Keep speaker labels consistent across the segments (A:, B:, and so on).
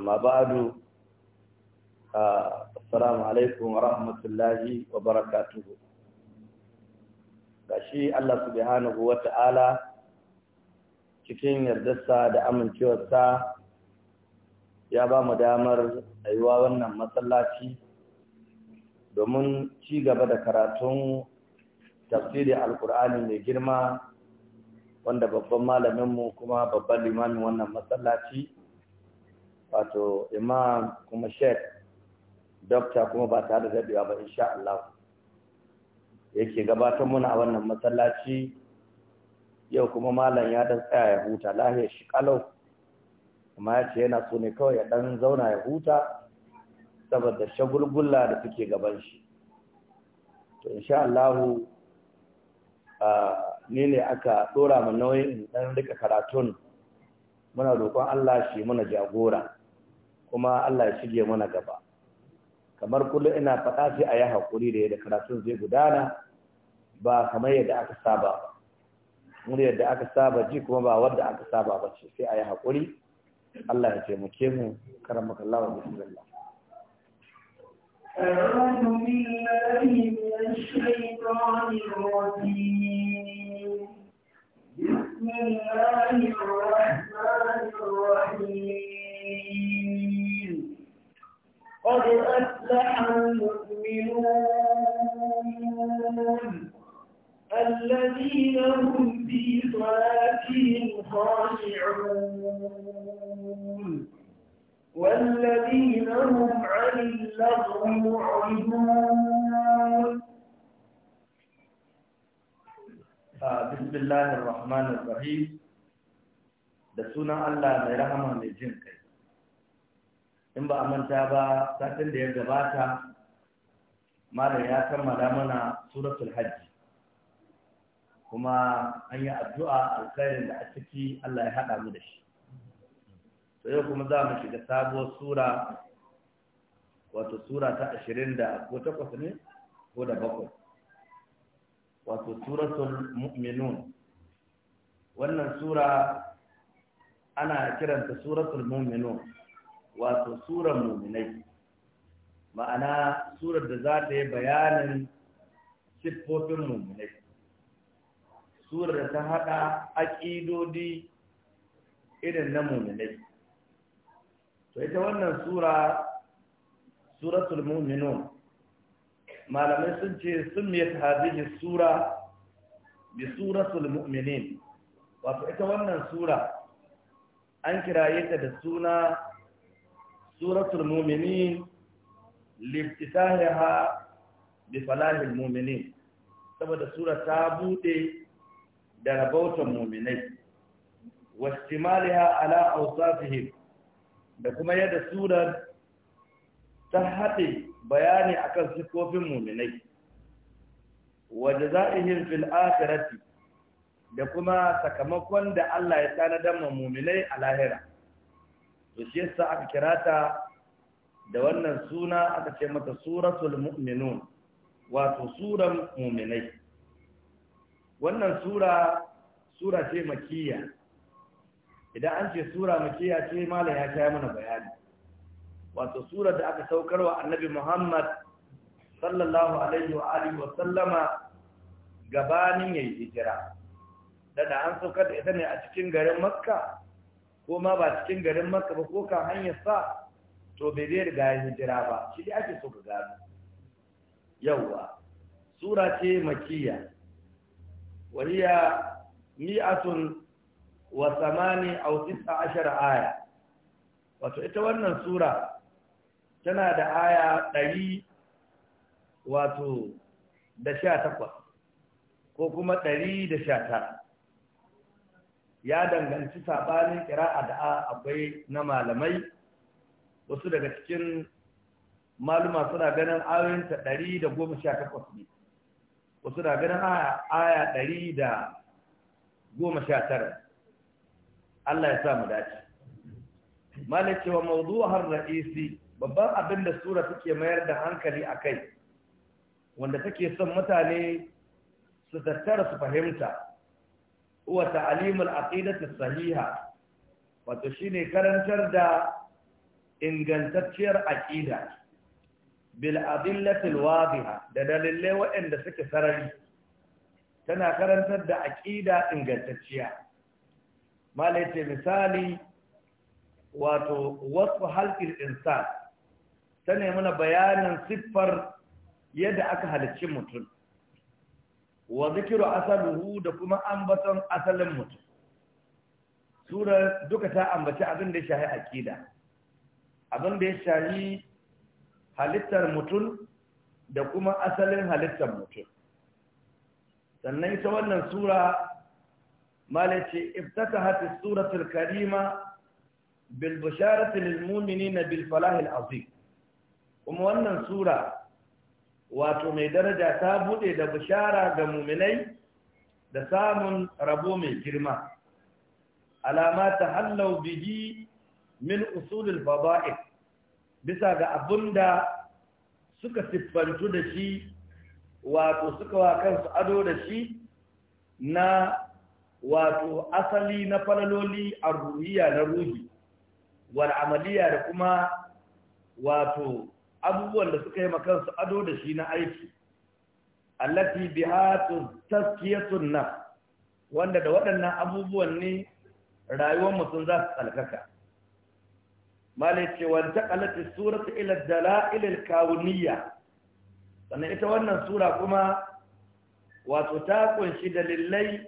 A: أما بعد السلام rahmatullahi wa الله وبركاته gashi Allah subhanahu wa ta'ala cikin yardarsa da amincewarsa ya ba mu damar aiwa wannan masallaci domin ci gaba da karatun tafsirin alkur'ani mai girma wanda babban malaminmu kuma babban limamin wannan masallaci wato imam kuma sheikh dokta kuma ba tare da daɗewa ba insha Allah yake gabatar muna a wannan masallaci yau kuma malam ya dan tsaya ya huta lahiyar shi kalau kuma ya ce yana so ne kawai ya ɗan zauna ya huta saboda shagulgula da suke gaban shi to insha Allah ni ne aka dora mu nauyin in dan rika karatun muna roƙon Allah shi muna jagora kuma Allah ya shige mana gaba kamar kullum ina faɗa sai a yi haƙuri da yadda karatun zai gudana ba kamar yadda aka saba ba mun yadda aka saba ji kuma ba wadda aka saba ba ce sai a yi haƙuri Allah ya taimake mu karamaka Allah wa bismillah أعوذ بالله من الشيطان
B: الرجيم بسم الله الرحمن الذين في صلاتهم خاشعون والذين هم عن اللغو معرضون
A: بسم الله الرحمن الرحيم da sunan Allah mai rahama mai jin kai in ba a manta ba satin da ya gabata malam ya kammala mana suratul hajji kuma an yi addu'a alkhairin da a ciki Allah ya haɗa mu da shi to yau kuma za mu shiga sabuwar sura wato sura ta ashirin da ko takwas ne ko da bakwai wato suratul mu'minun wannan sura ana kiranta suratul mu'minun wato surar mu'minai ma'ana surar da za ta yi bayanin siffofin mu'minai surar da ta haɗa aƙidodi irin na muminai to ita wannan sura suratul muminun malamai sun ce sun miyar hadihi sura bi suratul mu'minin wato ita wannan sura an kiraye ta da suna suratul mu'minin liftitahiha bi falahil mu'minin saboda sura ta buɗe da rabautan muminai wastimaliha ala awsafihim da kuma yadda surar ta haɗe bayani akan sifofin muminai wa yi fil akhirati da kuma sakamakon da Allah ya tanadar ma muminai a lahira to shi yasa aka kira ta da wannan suna aka ce mata suratul mu'minun wato suran muminai wannan sura sura ce makiyya idan an ce sura makiyya ce malam ya kai mana bayani wato sura da aka saukar wa annabi Muhammad sallallahu alaihi wa alihi wa sallama gabanin yayi hijira da da an saukar da ita ne a cikin garin Makka ko ma ba cikin garin Makka ba ko ka hanyar sa to bai bai riga ya hijira ba shi dai ake so ka gano yawwa sura ce makiyya وهي مئة وثماني أو تسع Wato ita wannan sura tana da aya ɗari wato da sha takwas ko kuma ɗari da sha tara ya danganci saɓanin ƙira'a da akwai na malamai wasu daga cikin maluma suna ganin ayoyinta ɗari da goma sha takwas ne wasu na ganin aya ɗari da goma sha tara Allah ya sa mu dace malin cewa mawdu'ar ra'isi babban abin da sura suke mayar da hankali a kai wanda take son mutane su tattara su fahimta uwa ta'alimul aqidati sahiha wato shine karantar da ingantacciyar aqida bil adillatil wadiha da dalilai waɗanda suke sarari tana karantar da aƙida ingantacciya malai misali wato wasu halkin insan ta mana bayanin siffar yadda aka halicci mutum wa zikiru asaluhu da kuma ambaton asalin mutum sura duka ta ambaci abin da ya shahi aƙida, abin da ya shahi halittar mutum da kuma asalin halittar mutum sannan ita wannan sura malace iftatahat as-suratul karima bil bisharati na bilfalahil bil azim kuma wannan sura wato mai daraja ta bude da bishara ga mu'minai da samun rabo mai girma alama ta hallau bihi min usulul fada'il bisa ga abin da suka siffantu da shi wato suka wa kansu ado da shi na wato asali na falaloli a ruhiya na ruhi wani amaliya da kuma wato abubuwan da suka yi makansu ado da shi na aiki allati biha taskiya nafs wanda da waɗannan abubuwan ne rayuwar mutum za su tsalkaka malai ce wanta kalatin suratu ila dala'ilil kawuniya sannan ita wannan sura kuma wato ta kunshi dalilai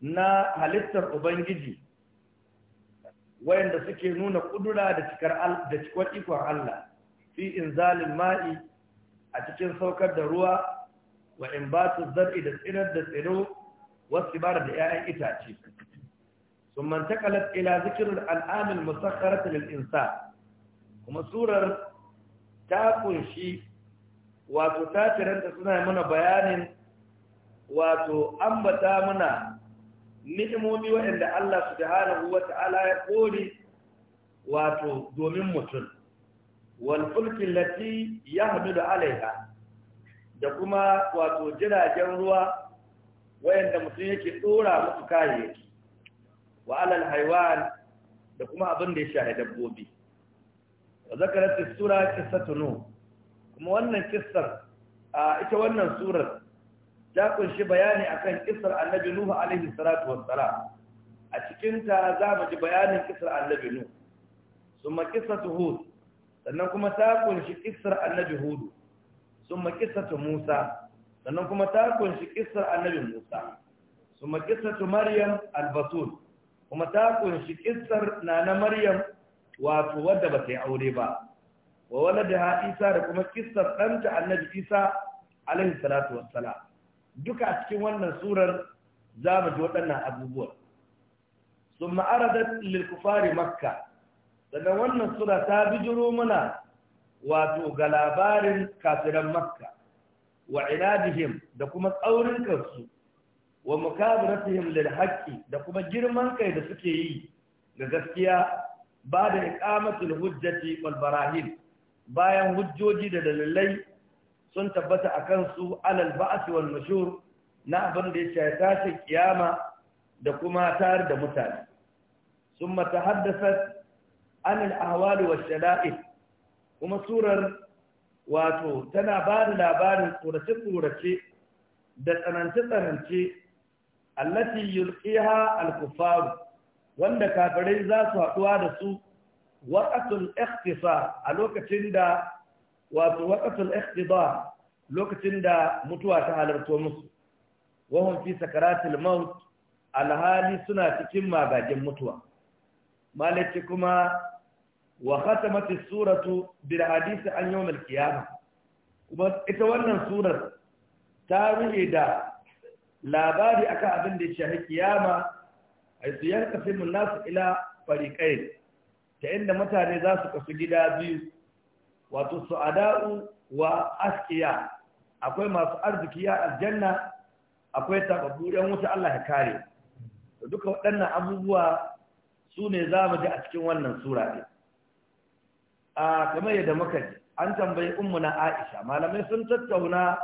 A: na halittar ubangiji wayanda suke nuna kudura da cikar ikon Allah fi inzalil ma'i a cikin saukar da ruwa wa inbatu zar'i da tsirar da tsiro wasu ibara da 'ya'yan itace ثم انتقلت إلى ذكر الأنعام المسخرة للإنسان kuma surar ta kunshi wato ta suna mana bayanin wato ambata mana ni'imomi waɗanda Allah subhanahu wata'ala ya kore wato domin mutum wal fulki lati yahmilu alaiha da kuma wato jiragen ruwa wayanda mutum yake ɗora musu kayayyaki wa alal haiwan da kuma abin da ya shahi dabbobi wa zakarat sura qissatu nu kuma wannan kissar a ita wannan surar ta kunshi bayani akan kissar annabi nuhu alaihi salatu wassalam a cikin ta za mu ji bayanin kissar annabi nuhu summa qissatu hud sannan kuma ta kunshi kissar annabi hudu summa qissatu musa sannan kuma ta kunshi kissar annabi musa summa qissatu maryam al-batul kuma ta kunshi kissar na na maryam wato wadda ba ta yi aure ba wa waladaha isa da kuma kissar ɗanta annabi isa alaihi salatu wassalam duka a cikin wannan surar za mu ji waɗannan abubuwan sun ma'aradar lilkufari makka daga wannan sura ta bijiro mana wato ga labarin kafiran makka wa inadihim da kuma tsaurin kansu wa mukabaratihim lil haqqi da kuma girman kai da suke yi ga gaskiya ba da iqamatul hujjati wal barahin bayan hujjoji da dalilai sun tabbata akan su alal ba'th wal mashur na abin da ya tashi kiyama da kuma tar da mutane summa tahaddathat an al ahwal wal kuma surar wato tana ba da labarin kurace-kurace da tsanance-tsanance allati yulqiha al-kuffar wanda kafirai za su haduwa da su waqatul ikhtisar a lokacin da wato waqatul ikhtidar lokacin da mutuwa ta halarto musu wahum fi sakaratil maut alhali suna cikin magagin mutuwa malaki kuma wa khatamati suratu bil hadisi an yawm al qiyamah kuma ita wannan surar ta ruhe da labari aka abin da ya shahi kiyama aisu yankasimu nasu ila farikai ta inda mutane za su kasu gida biyu wato su'ada'u wa askiya akwai masu arziki ya aljanna akwai tababbu yan wuta Allah ya kare duka waɗannan abubuwa su ne za mu ji a cikin wannan sura ne a kamar yadda muka ji an tambayi ummu na Aisha malamai sun tattauna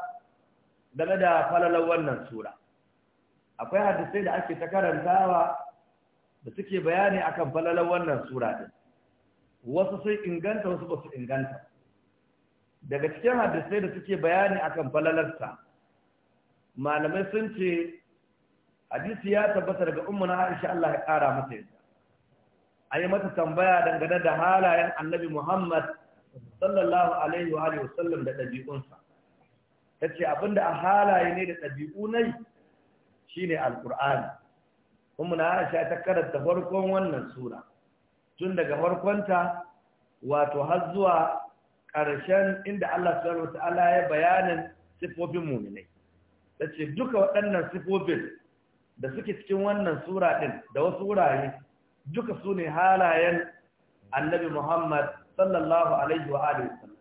A: game da falalar wannan sura akwai hadisai da ake ta karantawa da suke bayani akan falalar wannan sura din wasu sun inganta wasu ba su inganta daga cikin hadisai da suke bayani akan falalarta malamai sun ce hadisi ya tabbata daga na Aisha Allah ya kara mata yadda ayi mata tambaya dangane da halayen annabi Muhammad sallallahu alaihi wa alihi wasallam da ɗabi'unsa tace ce abinda a halaye ne da ɗabi'u nai shine alqur'ani kuma na Aisha ta karanta farkon wannan sura tun daga farkonta wato har zuwa ƙarshen inda Allah subhanahu wata'ala ya bayanin sifofin mu'minai tace duka waɗannan sifofin da suke cikin wannan sura ɗin da wasu wurare duka su ne halayen annabi Muhammad sallallahu alaihi wa alihi wasallam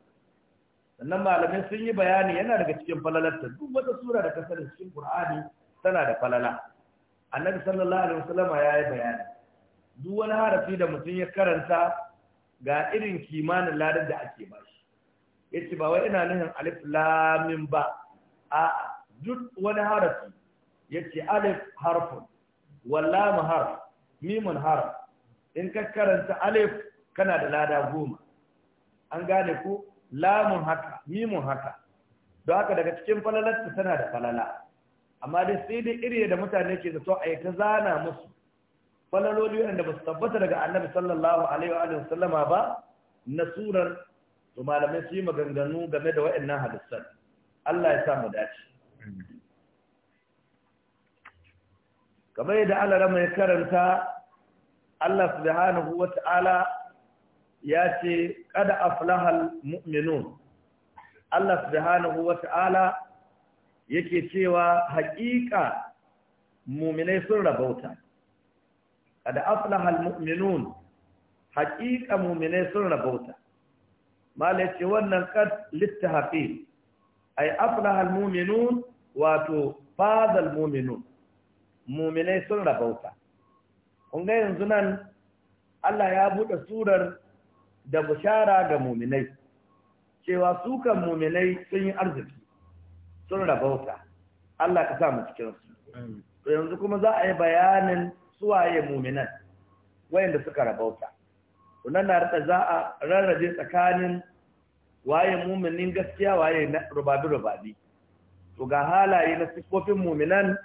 A: sannan malamai sun yi bayani yana daga cikin falalarta duk wata sura da ka sani cikin Qur'ani tana da falala annabi sallallahu alaihi wasallam ya yi bayani duk wani harafi da mutum ya karanta ga irin kimanin ladar da ake ba shi yace ba wai ina nufin alif lam mim ba a duk wani harafi yace alif harfun walla mu harf mimun harf in ka karanta alif kana da lada goma an gane ku lamun haka mimun haka don haka daga cikin falalatta tana da falala amma dai sai dai iri da mutane ke zato a yi ta zana musu falaloli wanda ba su tabbata daga annabi sallallahu alaihi wa sallama ba na surar to malamai su yi maganganu game da waɗannan hadisan Allah ya sa mu dace kamar yadda Allah rama ya karanta Allah subhanahu wata'ala ya ce kada aflahal mu'minun Allah subhanahu wata'ala yake cewa haƙiƙa muminai sun rabauta kada aflaha almu'minun haƙiƙa muminai sun rabauta malai ce wannan kad littahafi ay aflaha almu'minun wato faza almu'minun muminai sun rabauta kun ga yanzu nan Allah ya buɗe surar da bushara ga muminai cewa su kan muminai sun yi arziki sun rabauta Allah ka sa mu cikin su yanzu kuma za a yi bayanin suwaye muminan wayanda suka rabauta wannan na rata za a rarrabe tsakanin waye muminin gaskiya waye na rubabi rubabi to ga halaye na sifofin muminan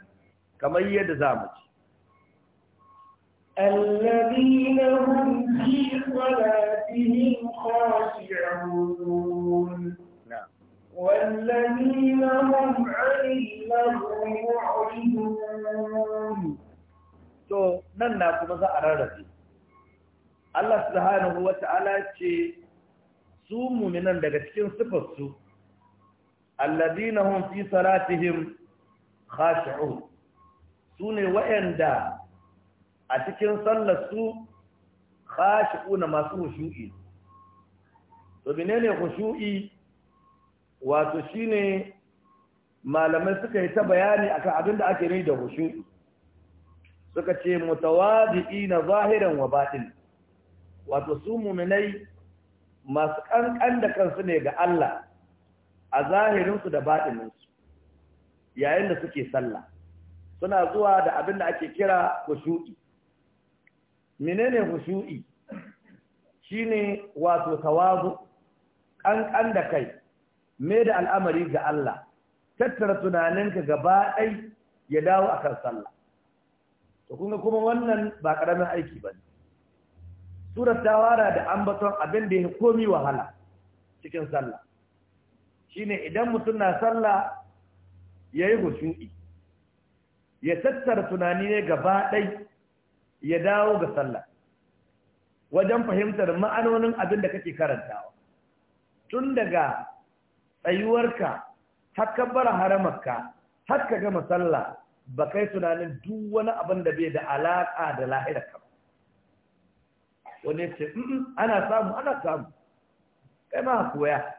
A: kamar yadda za mu ci
B: الذين هم في صلاتهم خاشعون والذين هم عن معرضون to nan na kuma za a rarrabe
A: Allah subhanahu wata'ala ce su muminan daga cikin sifarsu alladina hum fi salatihim khashi'un sune wa'anda a cikin sallar su khashi'una masu khushu'i to menene khushu'i wato shine malamai suka yi ta bayani akan abin da ake nuni da hushu suka ce na zahiran wa batin wato su muminai masu kankan da kansu ne ga Allah a zahirinsu da batininsu yayin da suke sallah suna zuwa da abin da ake kira hushu'i menene hushu'i shine wato tawazu kankan da kai me da al'amari ga Allah tattara tunaninka gaba ɗai ya dawo a kan sallah to kunga kuma wannan ba ƙaramin aiki ba ne surar ta da ambaton abin da ya komi wahala cikin sallah shine idan mutum na sallah ya yi hushu'i ya tattara tunani ne gaba ɗai ya dawo ga sallah wajen fahimtar ma'anonin abin da kake karantawa tun daga tsayuwarka ka bar haramarka ka gama sallah ba kai tunanin duk wani abin da bai da alaƙa da lahira ka wani ce ana samu ana samu kai ma koya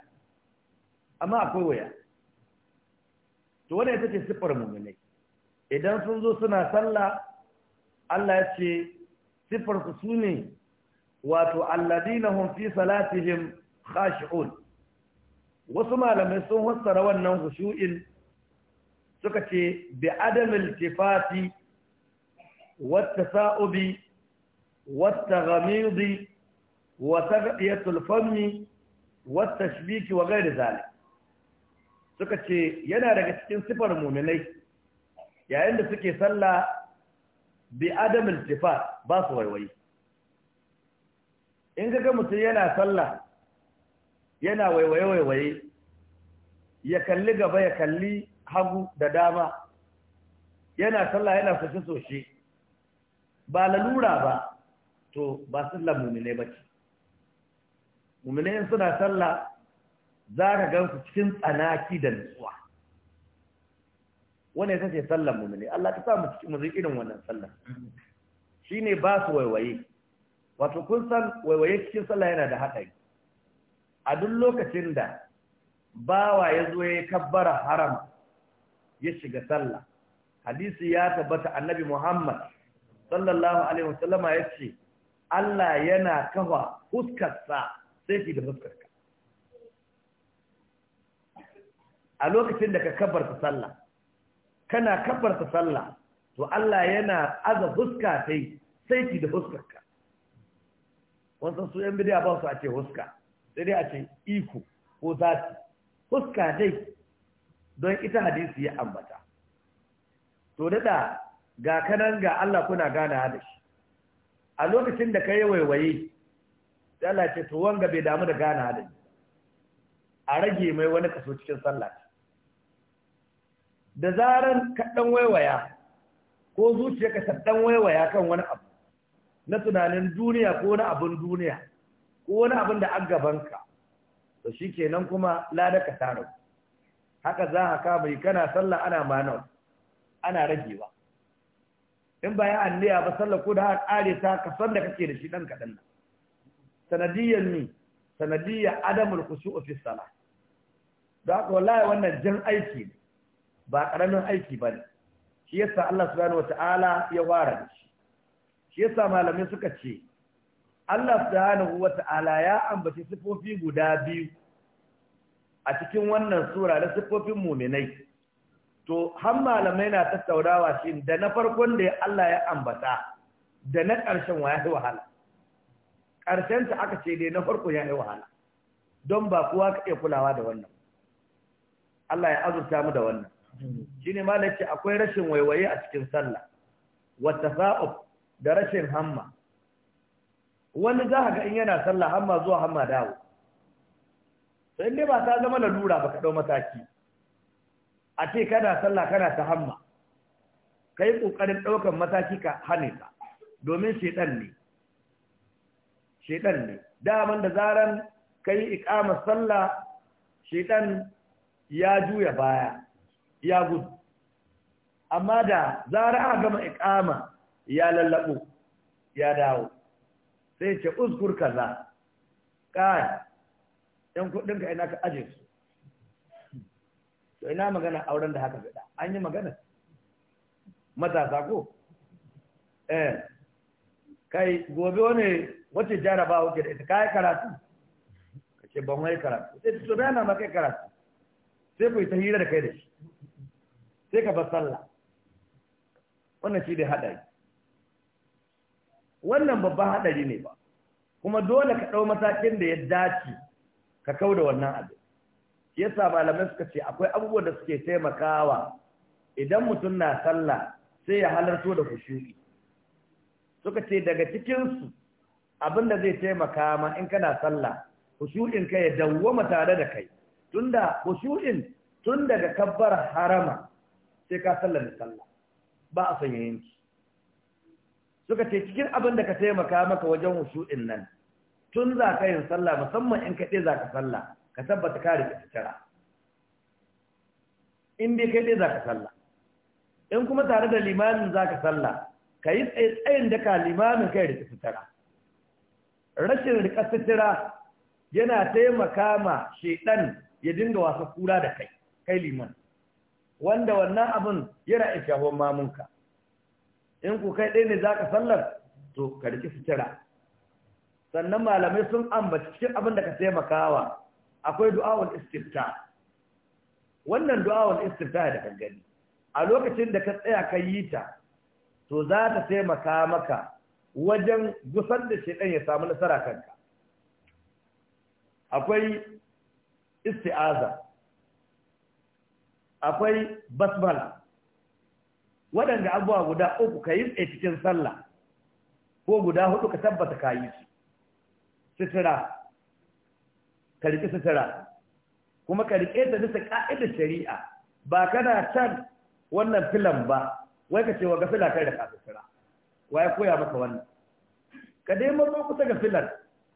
A: amma akwai waya to wani ita ce siffar mummunai idan sun zo suna sallah Allah ya ce siffar su ne wato alladina hum fi salatihim khashi'un wasu malamai sun fassara wannan hushu'in suka ce bi adamil tifati wata sa'ubi wata gamidi wata gaɗiyatul fami wata shibiki wa gaida zalik suka ce yana daga cikin sifar muminai yayin da suke sallah bi adamil tifati ba su waiwai in ga mutum yana sallah yana waiwaye-waiwaye ya kalli gaba ya kalli hagu da dama yana sallah yana soshe-soshe ba lalura ba to ba sallah mummune ba ce mummune suna sallah za ka gansu cikin tsanaki da nutsuwa wani ya ce sallah mummune Allah ta samu cikin mazi irin wannan sallah shi ne ba su waiwaye wato kun san waiwaye cikin sallah yana da haɗari a duk lokacin da bawa ya zo ya kabbara haram ya shiga sallah hadisi ya tabbata annabi Muhammad sallallahu alaihi wasallama ya ce Allah yana kafa fuskarsa sai ki da fuskarka a lokacin da ka kabbarta sallah kana kabbarta sallah to Allah yana aza fuska sai sai ki da fuskarka wannan su yan bidiya ba su a ce huska. sai dai a ce iko ko zati fuska dai don ita hadisi ya ambata to daɗa ga kanan ga Allah kuna gana da shi a lokacin da ka yi waiwaye sai Allah ce to wanga bai damu da gana da shi a rage mai wani kaso cikin sallah da zaran kaɗan dan waiwaya ko zuciyarka ta dan waiwaya kan wani abu na tunanin duniya ko na abun duniya ko wani abin da an gabanka to shi kenan kuma ladaka ta haka za ka kama yi, kana sallah ana manau ana ragewa in ba ya alliya ba sallah ko da haka kare ta ka san da kake da shi dan kaɗan. nan sanadiyyar ni sanadiyyar adamul khushu'u fi salah da haka wallahi wannan jin aiki ba karamin aiki ba ne shi yasa Allah subhanahu wata'ala ya ware da shi shi yasa malamai suka ce Allah subhanahu wata'ala ya ambaci sifofi guda biyu a cikin wannan sura da sifofin muminai to har malamai na tattaunawa shi da na farkon da Allah ya ambata da na ƙarshen wa ya yi wahala ƙarshen ta aka ce dai na farko ya yi wahala don ba kowa ka iya kulawa da wannan Allah ya azurta mu da wannan shine malaki akwai rashin waiwaye a cikin sallah wa tafa'ub da rashin hamma wani za ka ga in yana sallah hamma zuwa hamma dawo sai dai ba ta zama lalura ba ka ɗau mataki a ce kana sallah kana ta hamma kai yi ƙoƙarin ɗaukan mataki ka hane ka domin shaiɗan ne shaiɗan ne daman da zaran ka yi sallah shaiɗan ya juya baya ya gudu amma da zaran aka gama iƙama ya lallaɓo ya dawo sai ce uzkur kaza kai dan kudin ka ina ka aje su to ina magana auren da haka fada an yi magana matasa ko eh kai gobe wani wace jaraba wuce da ita kai karatu kace ban wai karatu sai to bayan ma kai karatu sai ku ta hira da kai da shi sai ka bar sallah wannan shi dai hadari wannan babban haɗari ne ba kuma dole ka ɗau matakin da ya dace ka kau da wannan abin shi yasa malamai suka ce akwai abubuwan da suke taimakawa idan mutum na sallah sai ya halarto da kushu'i suka ce daga cikinsu abin da zai taimaka ma in kana sallah kushu'in ka ya dawwama tare da kai tunda kushu'in tun daga kabbar harama sai ka sallar da sallah ba a son yanki suka ce cikin abin da ka taimaka maka wajen wushu'in nan tun za ka yin sallah musamman in kaɗe za ka sallah ka tabbata ka rike sutura in dai kaɗe za ka sallah in kuma tare da limamin za ka sallah ka yi tsayin da ka limamin kai rike sutura rashin rika sutura yana taimaka ma shaidan ya dinga wasa kura da kai kai liman wanda wannan abin yana ishahon mamunka in ku kai ɗaya ne za ka sallar to ka riki sutura sannan malamai sun ambaci cikin abin da ka taimakawa akwai du'awar istifta wannan du'awar istifta da kan a lokacin da ka tsaya ka yi ta to za ta taimaka maka wajen gusar da shi ya samu nasara kanka akwai isti'aza akwai basmala waɗanda abuwa guda uku ka yi a cikin sallah ko guda hudu ka tabbata ka yi su sutura ka riƙe sutura kuma ka riƙe ta nisa ƙa'idar shari'a ba kana can wannan filan ba wai ka ce wa gafila kai da sutura waye koya maka wannan ka dai mazo kusa ga filan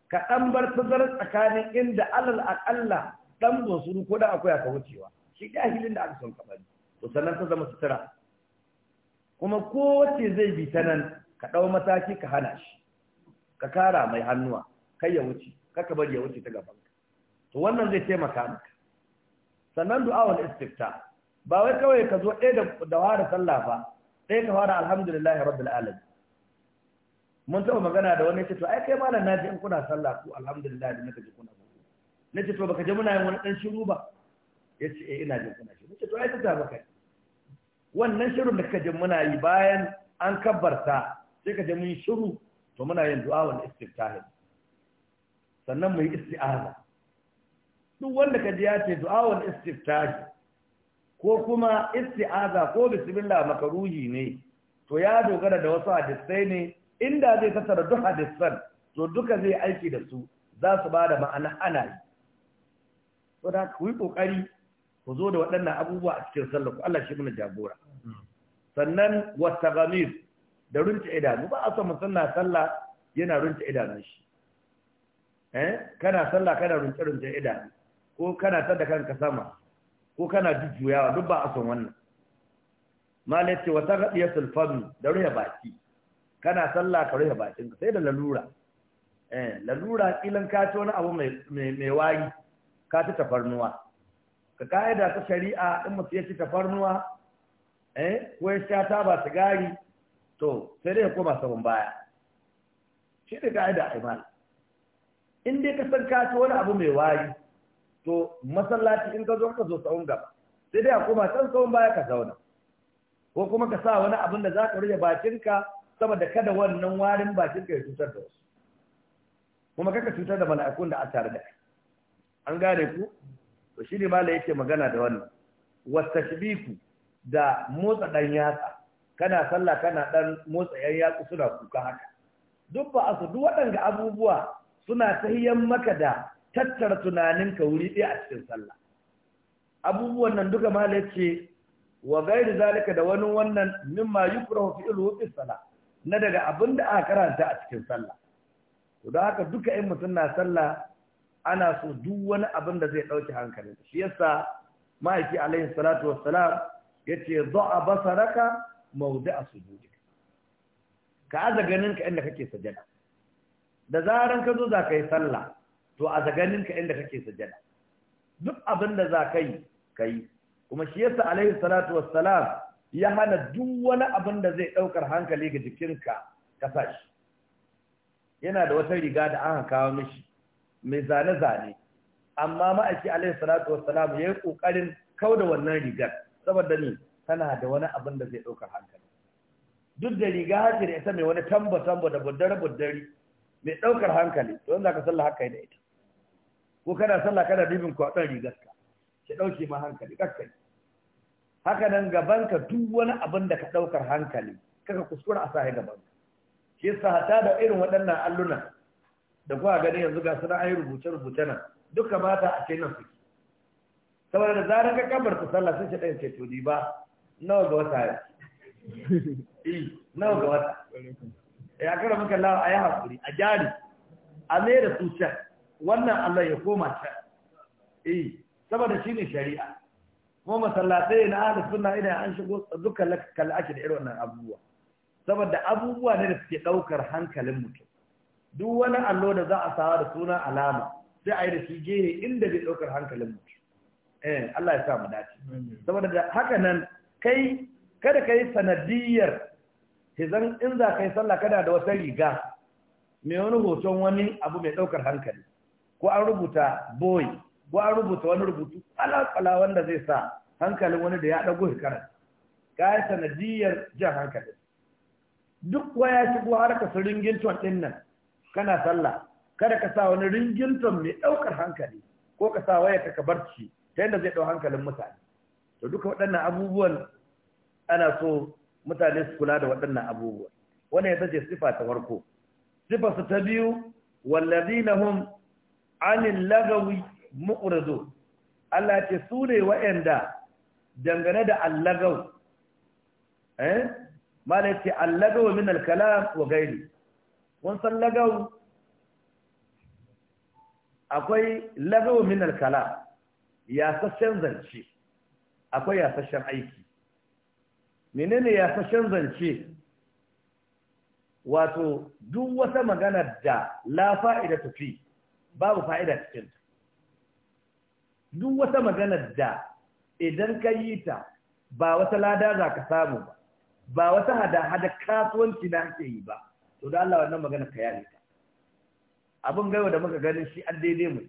A: ka ɗan bar tazarar tsakanin inda alal aƙalla ɗan zo ko da akwai a wucewa shi jahilin da aka son kamar to sannan ta zama sutura kuma kowace zai bi ta nan ka ɗau mataki ka hana shi ka kara mai hannuwa kai ya wuce kaka bari ya wuce ta gaban ka to wannan zai taimaka maka sannan wal istifta ba wai kawai ka zo ɗaya da fara sallah ba ɗaya ka fara alhamdulillahi rabbil alamin mun taɓa magana da wani yace to ai kai malam naji in kuna sallah ku alhamdulillah da naka ji kuna nace to baka je muna yin wani dan shiru ba yace eh ina jin kuna shiru nace to ai ta ba kai. wannan shirin da ka ji muna yi bayan an kabbarta sai ka ji mun shiru to muna yin du'a wal istiftahi sannan mu yi isti'aza duk wanda ka ji ya ce du'a wal istiftahi ko kuma isti'aza ko bismillah makaruhi ne to ya dogara da wasu hadisai ne inda zai tattara duk hadisan to duka zai aiki da su za su ba da ma'ana ana yi so da ku yi kokari ku zo da waɗannan abubuwa a cikin sallah ku Allah shi muna jagora sannan wata gamir da runta idanu ba a so mutum na sallah yana runta idanun shi eh kana sallah kana runta runta idanu ko kana da kanka sama ko kana jujjuyawa duk ba a so wannan malai ce wata gaɗiya sulfami da ruhe baki kana sallah ka ruhe bakinka sai da lalura eh lalura ilan ka ci wani abu mai wayi ka ci tafarnuwa ka ka'ida ta shari'a in mutum ya ci tafarnuwa eh ko ya sha taba sigari to sai dai ya koma sabon baya shi da ka'ida a iman in dai ka san ka ci wani abu mai wari to masallaci in ka zo ka zo sabon gaba sai dai ya koma can sabon baya ka zauna ko kuma ka sa wani abin da za ka rage bakinka saboda kada wannan warin bakinka ya cutar da wasu kuma kaka cutar da mala'ikun da a tare da kai an gane ku to shi ne malai yake magana da wannan wata shibiku da motsa ɗan yatsa kana sallah kana ɗan motsa ‘yan yatsu suna kuka haka duk ba a su duk waɗanda abubuwa suna sahiyan maka da tattara tunaninka wuri ɗaya a cikin sallah abubuwan nan duka mala ce wa gairu zalika da wani wannan mimma yukrahu fi ilhuqis sallah, na daga abin da aka karanta a cikin sallah to da haka duka in mutum na sallah ana so duk wani abin da zai ɗauki hankalin shi yasa ma'aiki alaihi salatu wassalam yace dha'a basaraka mawdi'a sujudika ka aza ganinka inda kake sajada da zaran ka zo za ka yi sallah to ganin ka inda kake sajada duk abin da za ka yi kuma shi yasa alaihi salatu wassalam ya hana duk wani abin da zai daukar hankali ga jikinka ka sashi yana da wata riga da aka kawo mishi mai zane-zane amma ma'aiki alaihi salatu wassalam ya yi kokarin kauda wannan rigar saboda ni tana da wani abin da zai ɗaukar hankali duk da riga hajji da ita mai wani tambo-tambo da buddare buddare mai ɗaukar hankali to yanzu ka sallah haka da ita ko kana sallah kana dubin kwaɗon ka ki ɗauke ma hankali kakkai haka nan ka duk wani abin da ka ɗaukar hankali kaka kuskura a sahi ka shi yasa hata da irin waɗannan alluna da kuwa gani yanzu ga suna ayi rubuce-rubuce nan duka mata a ce nan suke saboda da zarar ka kabar ta sallah sun shaɗa ɗaya ce to ba nawa ga wata ya nawa ga wata ya kara muka lawa a yi haƙuri a jari a mai da su can wannan allah ya koma can eh saboda shi ne shari'a ko masallatai na ahli suna ina an shigo dukkan lakakal ake da irin wannan abubuwa saboda abubuwa ne da suke ɗaukar hankalin mutum duk wani allo da za a sawa da suna alama sai a yi da shi gehe inda bai ɗaukar hankalin mutum Eh, Allah ya sa mu dace saboda da haka nan kai kada kai sanadiyar hizan in za ka yi sallah kada da wata riga mai wani hoton wani abu mai ɗaukar hankali ko an rubuta boy ko an rubuta wani rubutu alaƙala wanda zai sa hankalin wani da ya dago hikara ka yi sanadiyar jan hankali duk waya shigo har ka su ringilton din nan kana sallah kada ka sa wani ringilton mai ɗaukar hankali ko ka sa waya ka barci ta yadda zai ɗau hankalin mutane to duka waɗannan abubuwan ana so mutane su kula da waɗannan abubuwan Wani ya tace sifa ta farko sifa su ta biyu wallazi na hun anin lagawi mu'urazo Allah ce su ne waɗanda dangane da allagau eh malai ce allagau min al wa gairi kun san lagau akwai lagau min al yasashen zance akwai yasashen aiki menene yasashen zance wato duk wata magana da la fa'ida tafi babu fa'ida cikin duk wata magana da idan ka yi ta ba wata lada za ka samu ba ba wata hada-hada kasuwanci na ake yi ba to da Allah wannan magana ka yare ta abin gaiwa da muka ganin shi an daidai mu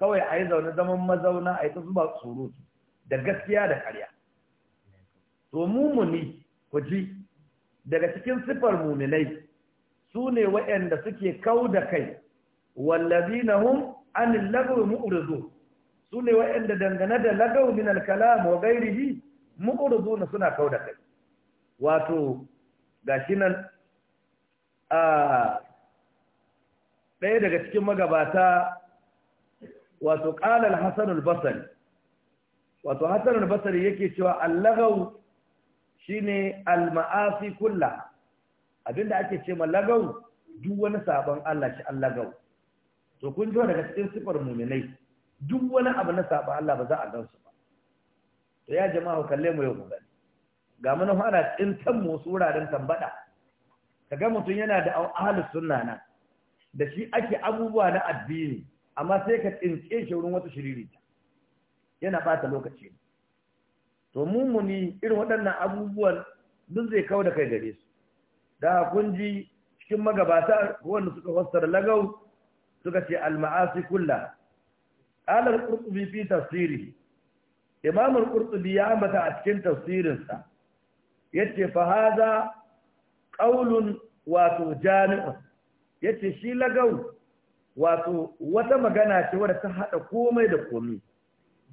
A: kawai a yi zaune zaman mazauna a yi ta zuba surutu da gaskiya da karya to mumuni ku ji daga cikin siffar muminai su ne waɗanda suke kau da kai wallazi na hun an lagawar mu'urzu su ne waɗanda dangane da lagawar min alkala wa gairihi mu'urzu na suna kau da kai wato ga shi nan ɗaya daga cikin magabata wato qala al-hasan al wato hasan al-basri yake cewa al-lagaw shine al-ma'asi kulla. abinda ake ce ma lagaw duk wani sabon Allah shi al to kun ji daga cikin sifar mu'minai duk wani abu na sabon Allah ba za a gansu ba to ya jama'a kalle mu yau mu gani ga mana hana tsintan mu wuraren tambada kaga mutum yana da ahlus sunna na da shi ake abubuwa na addini amma sai ka tsinke shi wurin wata shiririta yana bata lokaci to mummuni irin waɗannan abubuwan duk zai kawo da kai gare su da kun ji cikin magabata wanda suka fassara lagau suka ce al-ma'asi kulla alal qurtubi fi tafsiri imam al-qurtubi ya ambata a cikin tafsirin sa yace fa hadha qawlun wa tujani yace shi lagau wato wata magana ce wadda ta haɗa komai da komai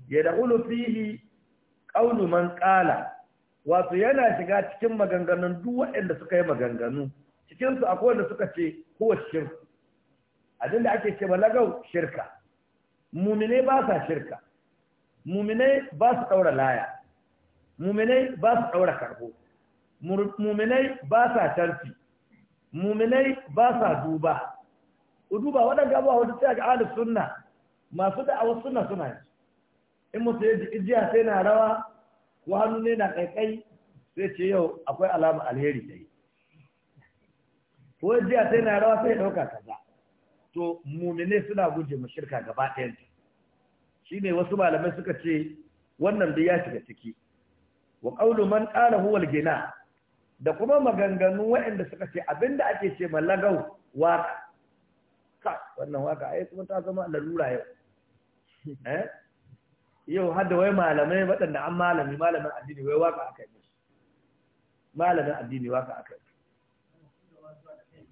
A: ya da fihi qaulu man wato yana shiga cikin maganganun duk waɗanda suka yi maganganu cikin su akwai wanda suka ce ko shirka abin da ake ce balagau shirka mumine ba sa shirka mumine ba su daura laya mumine ba su daura karbo muminai ba sa tarfi muminai ba sa duba ku duba waɗanda abuwa wata sai ga sunna masu da'awar sunna suna yi in mutum ya ji ijiya sai na rawa ko hannu ne na kaikai sai ce yau akwai alama alheri yi. ko ijiya sai na rawa sai ɗauka kaza to mumine suna guje mu shirka gaba ɗayan shine wasu malamai suka ce wannan da ya shiga ciki wa qawlu man qala huwa gina da kuma maganganu waɗanda suka ce abinda ake ce malagau waka wannan waka ai kuma ta zama lalura yau eh yau hadda wai malamai waɗanda an malami malamin addini wai waka aka yi malamin addini waka aka
B: yi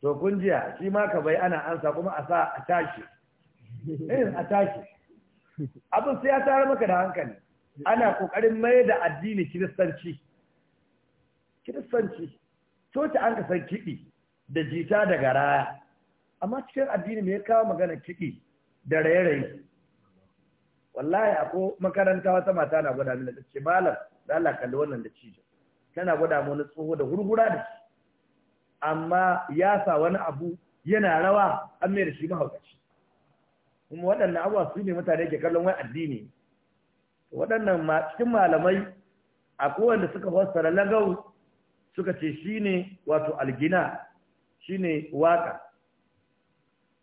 A: to kun jiya shi ma ka bai ana ansa kuma a sa a tashi eh a tashi abin sai ya tare maka da hankali ana kokarin mai da addini kiristanci kiristanci coci an ka san kiɗi da jita da garaya amma cikin addini me ya kawo magana kiɗi da raye-raye wallahi ako makaranta wata mata na gwada mini da ce malam da Allah kalli wannan da cijin tana gwada mu na tsoho da hurhura da shi amma ya sa wani abu yana rawa an mai da shi mahaukaci kuma waɗannan abuwa su ne mutane ke kallon wani addini waɗannan cikin malamai a kowanne suka fassara lagau suka ce shine wato algina shine waka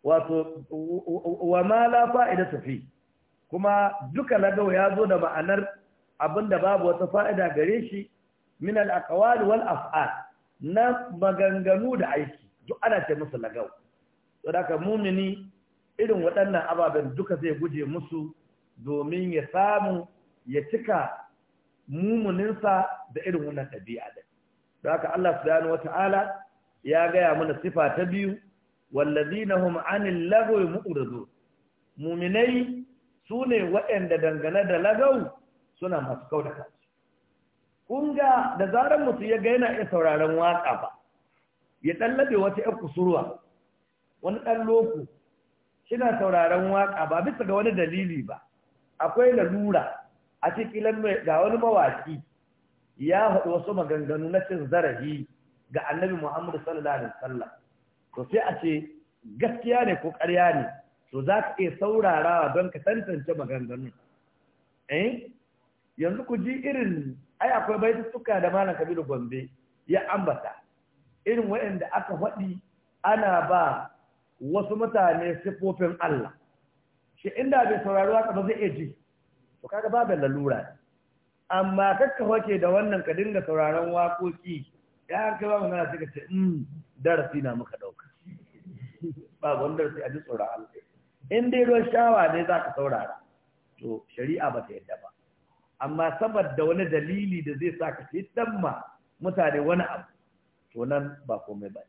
A: wato wa ma la fa'ida fi kuma duka lagau ya zo da ma'anar abinda babu wata fa'ida gare shi min al-aqwal wal af'al na maganganu da aiki duk ana ce musu lagau saboda mumini irin waɗannan ababen duka zai guje musu domin ya samu ya cika mumuninsa da irin wannan ɗabi'a da. Da haka Allah subhanahu wata'ala ya gaya mana sifa ta biyu wallazina hum anil lagwi mu'ridu mu'minai sune waɗanda dangane da lagau suna masu kauda kansu kun da zarar mutum ya ga yana iya sauraron waka ba ya tallabe wata ƴar kusurwa wani ɗan loko shina sauraron waka ba bisa ga wani dalili ba akwai lalura a cikin ga wani mawaki ya haɗu wasu maganganu na cin zarafi ga annabi Muhammadu sallallahu alaihi wasallam to sai a ce gaskiya ne ko ƙarya ne to za ka iya saurarawa don ka tantance maganganu. eh yanzu ku ji irin ai akwai suka da malam kabiru gombe ya ambata irin waɗanda aka faɗi ana ba wasu mutane sifofin Allah shi inda bai saurari waka ba zai iya ji to kaga ba babu lalura amma kakka wake da wannan ka dinga sauraron wakoki ya kai ba magana suka ce hmm, darasi na muka dauka ba gwandar sai a ji tsoron Allah in dai ruwan shawa ne za ka saurara to shari'a ba ta yadda ba amma saboda wani dalili da zai sa ka ce ma mutane wani abu to nan ba komai ba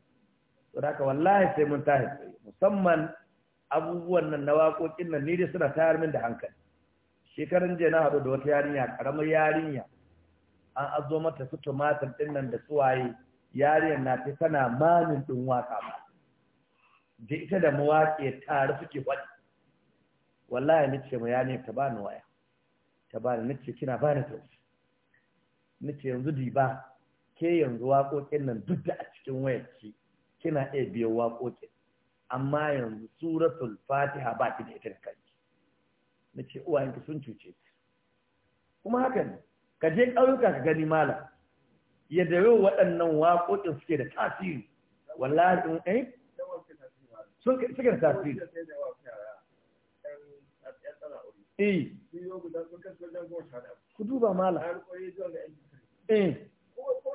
A: to aka wallahi sai mun ta tsaye musamman abubuwan nan na waƙoƙin nan ni dai suna tayar min da hankali shekarun jiya na haɗu da wata yarinya karamar yarinya an azo mata su tumatir ɗin nan da suwaye yarinyar na ta tana mamin ɗin waka ba da ita da mawaƙi tare suke faɗi wallahi ce ma ya ne ta ba ni waya ta ba ni ce kina ba ni tausi ce yanzu diba ke yanzu waƙoƙin nan duk da a cikin wayar ki kina iya biyo waƙoƙin amma yanzu suratul fatiha ba ki da ita da kanki nace uwayenki sun cuce ki kuma haka ne ka je ƙauyuka ka gani malam yadda yau waɗannan waƙoƙin suke da tasiri wallahi in eh
B: suka tasiri eh
A: ku duba mala
B: eh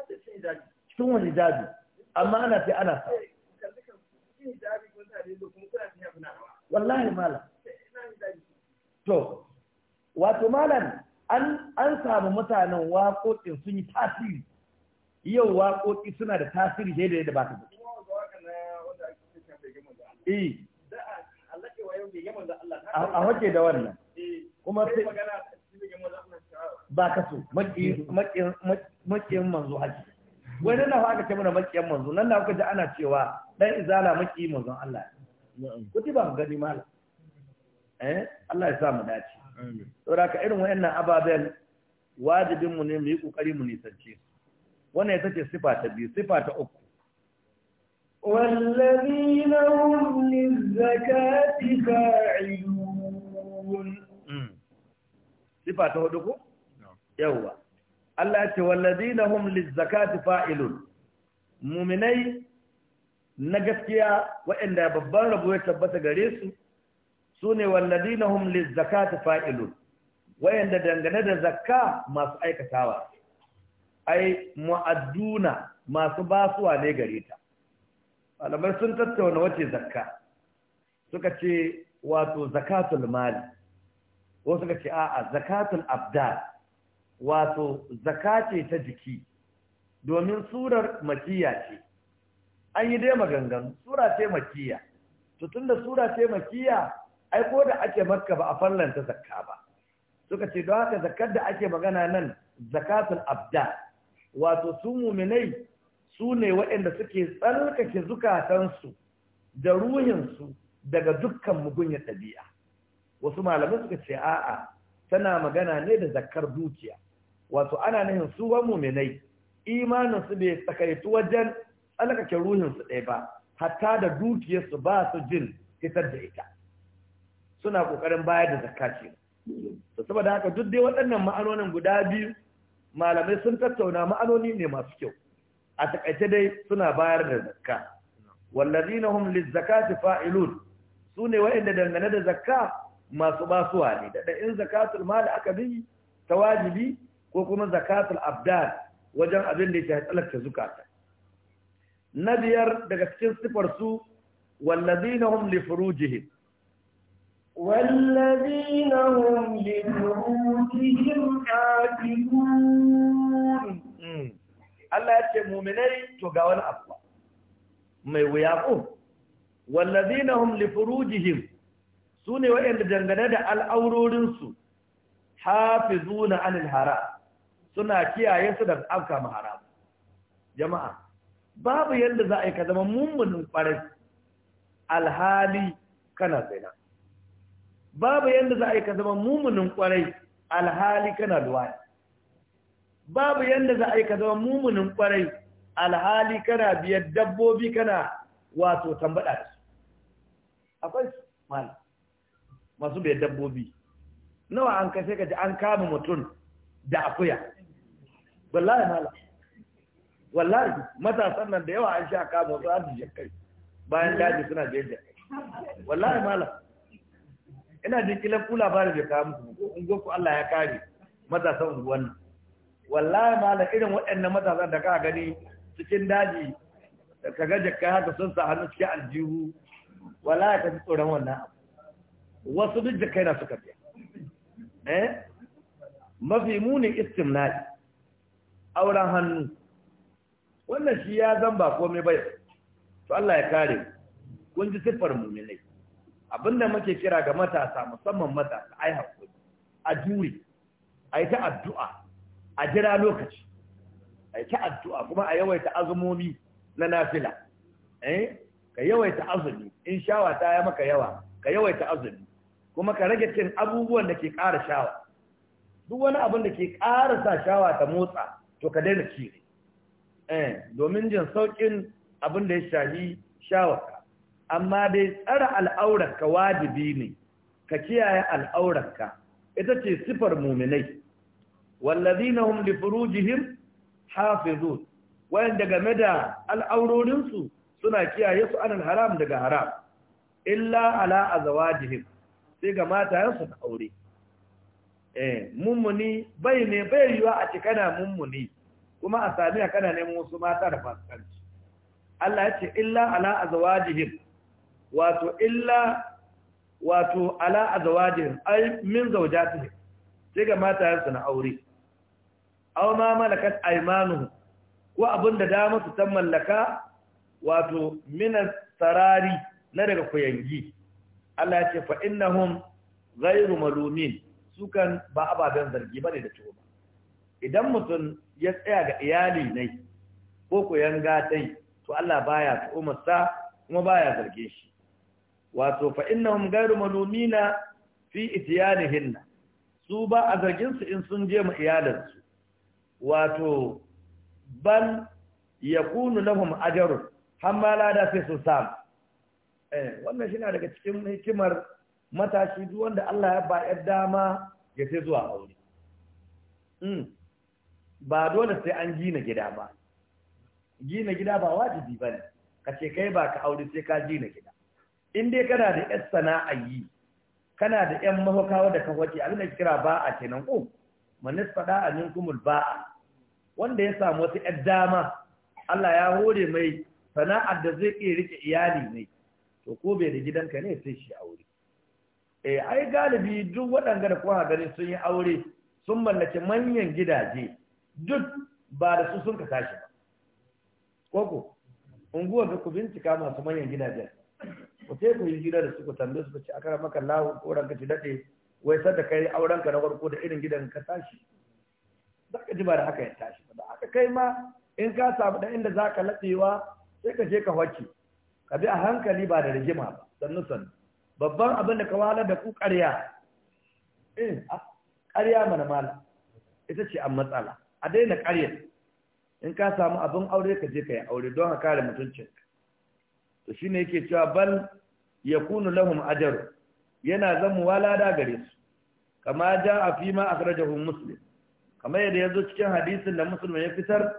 B: cikin
A: wani daji amma ana fi ana sa
B: wallahi mala
A: to wato malam an samu mutanen waƙoƙin sun yi tasiri yau waƙoƙi suna da tasiri daidai da ba ta eh a hake da wannan kuma sai ba ka so makiyin manzo hake wani na haka ce mana makiyan manzo nan na kuka ji ana cewa dan izala maƙiyin manzon Allah kuti ba ku gani mala eh Allah ya sa mu dace amin saboda ka irin wayannan ababen wajibin ne mu yi kokari mu nisance su wannan ita ce sifa ta biyu sifa ta uku
B: والذين هم للزكاة فاعلون
A: صفة تهدكم يوه Allah ya ce walladina hum lizzakati fa'ilun muminai na gaskiya waɗanda babban rabo ya tabbata gare su sune walladina hum lizzakati fa'ilun waɗanda dangane da zaka masu aikatawa ai mu'adduna masu basuwa ne gare ta malamai sun tattauna wace zakka suka ce wato zakatul mali ko suka ce a'a zakatul abdal wato zakace ta jiki domin surar makiya ce an yi dai magangan sura ce makiya to tunda sura ce makiya ai ko da ake makka ba a ta zakka ba suka ce don haka zakkar da ake magana nan zakatul abdal wato su muminai su ne waɗanda suke tsarkake zukatansu da ruhinsu daga dukkan mugunyar ɗabi'a wasu malamai suka ce a'a tana magana ne da zakar dukiya wato ana nihin su ba muminai imaninsu bai tsakaitu wajen tsarkake ruhinsu ɗaya ba hatta da dukiyarsu ba su jin fitar da ita suna ƙoƙarin bayar da zakka ce saboda haka duk dai waɗannan ma'anonin guda biyu malamai sun tattauna ma'anoni ne masu kyau a takaice dai suna bayar da zakka wallazina hum fa'ilu fa'ilun sune waɗanda dangane da zakka masu basuwa ne da in zakatul mal aka bi ta wajibi ko kuma zakatul abdal wajen abin da ya tsalaka zukata na biyar daga cikin sifar su wallazina hum li furujihim
B: wallazina hum li furujihim
A: Allah ya ce muminai to ga wani abu mai wuya ko wallazina hum li furujihim sune wa'anda dangane da al'aurorin su hafizuna anil haram suna kiyaye su da afka haram jama'a babu yadda za a yi ka zama mummunin farai alhali kana zina babu yadda za a yi ka zama mummunin kwarai alhali kana luwaya babu yanda za a yi ka zama mumunin kwarai alhali kana biyar dabbobi kana wato tambada da su akwai mal masu biyar dabbobi nawa an kashe ka ji an kama mutum da akuya wallahi mala wallahi matasan nan da yawa an sha kama wasu an jijin kai bayan daji suna biyar da kai wallahi mala ina jinkilan kula ba da bai kawo ko ungo ku Allah ya kare matasan unguwan nan wallahi malam irin waɗannan matasan da ka gani cikin daji da ka ga jakka haka sun sa hannu cikin aljihu wallahi ka ji tsoron wannan abu wasu duk jakkai na suka biya eh mafi munin istimnali auren hannu wannan shi ya zan ba komai bai to Allah ya kare kun ji siffar muminai abinda muke kira ga matasa musamman matasa ai hakuri a jure ai ta addu'a a jira lokaci a yi ta'addu'a, addu'a kuma a yawaita azumomi na nafila eh ka yawaita azumi in shawa ta ya maka yawa ka yawaita azumi kuma ka rage cin abubuwan da ke ƙara shawa duk wani abin da ke ƙara sa shawa ta motsa to ka daina ci eh domin jin saukin abin da ya shahi shawarka amma dai tsara al'aurarka wajibi ne ka kiyaye al'aurarka ita ce sifar muminai wallazina hum li furujihim hafizun wayanda game da al'aurorin su suna kiyaye su anan haram daga haram illa ala azwajihim sai ga matayensu na aure eh mummuni bai ne bai yiwa a cikana mummuni kuma a sami a kana neman wasu mata da fasikanci Allah ya ce illa ala azwajihim wato illa wato ala azwajihim ay min zawjatihim sai ga matayensu na aure aw ma malakat aymanuhum ko abinda da musu ta mallaka wato minas sarari na daga kuyangi Allah ya ce fa innahum ghayru malumin sukan ba ababen zargi bane da tuba idan mutum ya tsaya ga iyali ne ko kuyanga tai to Allah baya tuhumar kuma baya zarge shi wato fa innahum ghayru malumina fi itiyanihinna su ba a zargin su in sun je mu iyalansu wato bal na lahum ajaru, hamma lada sai su samu eh wannan shi na daga cikin hikimar matashi duk wanda Allah ya ba yar dama ya sai zuwa aure mm ba dole sai an gina gida ba gina gida ba wajibi bane ce kai ba ka aure sai ka gina gida in dai kana da yar sana'a yi kana da yan mahaukawa da kawace abin da kira ba a kenan ko oh, manis faɗa a kumul ba wanda ya samu wasu ‘yar dama Allah ya hore mai sana'ar da zai iya rike iyali ne to ko bai da gidanka ne sai shi aure eh ai galibi duk waɗanda da kuma gari sun yi aure sun mallaki manyan gidaje duk ba da su sun ka tashi ba koko unguwar da ku bincika masu manyan gidajen ku sai ku yi gida da su ku tambaye su ku ci akara maka lahu ko ranka ci daɗe wai sanda kai auren ka na farko da irin gidan ka tashi za ka ji ba da haka ya tashi ba haka kai ma in ka samu da inda za ka latsewa sai ka je ka wace ka bi a hankali ba da rigima ba sannu sannu babban abin da ka wala da ku ƙarya eh ƙarya mana mala ita ce an matsala a daina ƙarya in ka samu abin aure ka je ka yi aure don ka kare mutuncinka to shine yake cewa bal yakunu lahum ajru yana zamuwa lada gare su kama ja a fi ma akhrajahu musulun kama yadda ya zo cikin hadisin da muslim ya fitar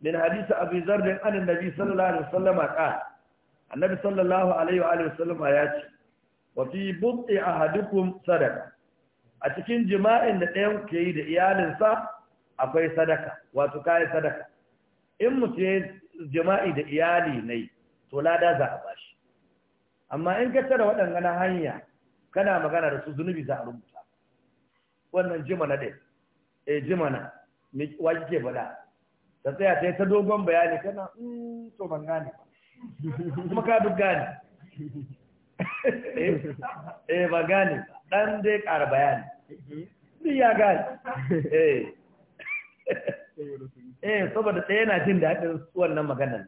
A: min hadisi abu zar din anan nabi sallallahu alaihi wasallama ka annabi sallallahu alaihi wa alihi wasallama ya ce wa fi a ahadukum sadaka. a cikin jima'in da ɗayan ke yi da iyalinsa akwai sadaka wato kai sadaka in mutum ya jima'i da iyali ne to lada za a bashi amma in ka tara waɗannan hanya kana magana da su zunubi za a rubuta wannan jimana ɗin eh jimana wa kike faɗa ta tsaya ta yi ta dogon bayani kana hmm, to ban gane kuma ka duk gane
B: eh, eh
A: ban gane dan dai ƙara bayani ni ya gane eh, eh saboda ɗaya yana jin daɗin wannan maganar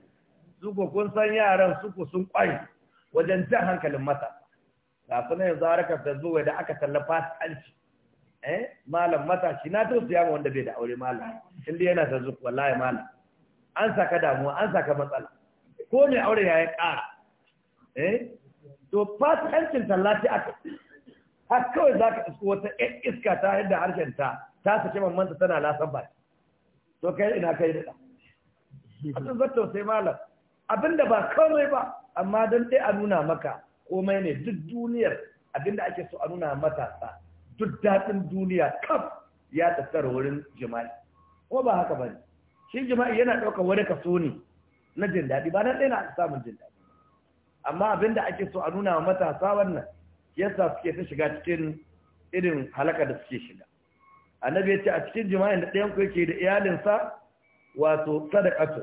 A: su ko kun san yaran su ko sun kwai wajen jan hankalin masa ga sunan yanzu harkar facebook da aka tallafa tsanci eh malam matashi na su ma wanda bai da aure malam inda yana facebook wallahi malam an saka damuwa an saka matsala ko mai aure ya yi ƙara eh to fasikancin tallafi aka har kawai za ka isko wata iska ta yadda harshen ta ta sake ta tana lasan ba to kai ina kai da abin zato sai malam abinda ba kawai ba amma don dai a nuna maka komai ne duk duniyar abinda ake so a nuna matasa duk daɗin duniya kaf ya tattara wurin jima'i ko ba haka bane shi jima'i yana ɗaukar wani kaso ne na jin daɗi ba na ɗaya na samun jin daɗi amma abinda ake so a nuna matasa wannan yasa suke ta shiga cikin irin halaka da suke shiga annabi ya ce a cikin jima'in da ɗayan ku yake da iyalinsa wato sadaqatu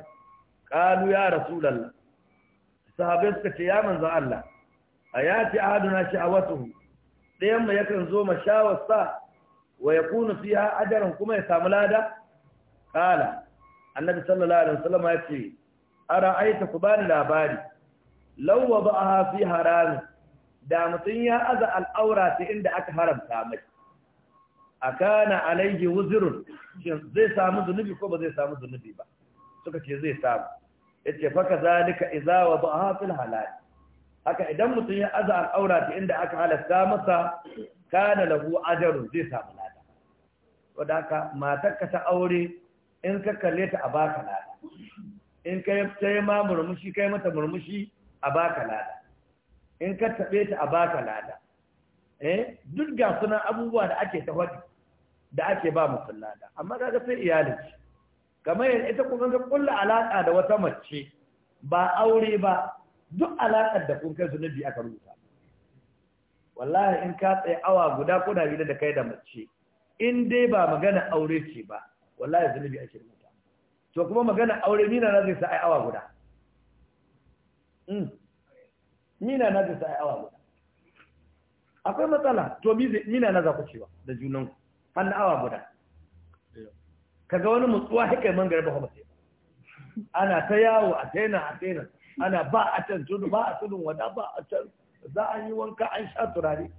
A: kalu ya rasulallah sahabai suka ce ya manzo Allah a ahaduna sha'watuhu dayan mu yakan zo ma shawasa wa yakunu fiha ajran kuma ya samu lada kala annabi sallallahu alaihi wasallam ya ce aita ku bani labari law wada'aha fi haram da mutun ya aza al'aura ta inda aka haramta mai akana alayhi wuzrun zai samu zunubi ko ba zai samu zunubi ba suka ce zai samu yace fa kazalika idza wada'aha fil halal haka idan mutum ya aza al'aura ta inda aka halasta masa kana lahu ajaru zai samu lada wadda haka ka ta aure in ka kalle ta a baka lada in ka yi ma murmushi kai mata murmushi a baka lada in ka taɓe ta a baka lada eh duk ga suna abubuwa da ake ta faɗi da ake ba mu lada amma ga sai iyalin kamar yadda ita kun ga kulla alaka da wata mace ba aure ba duk alaƙar da kun kai zunubi aka rubuta wallahi in ka tsaye awa guda ko da da kai da mace in dai ba magana aure ce ba wallahi zunubi ake rubuta to kuma magana aure nina na zai sa ai awa guda mm. nina na zai sa ai awa guda akwai matsala to nina na za ku cewa da junan har na awa guda kaga wani mutsuwa haka man garba ba sai ana ta yawo a taina a taina ana ba a can tudu ba a tudun wada ba a can za a yi wanka an sha turare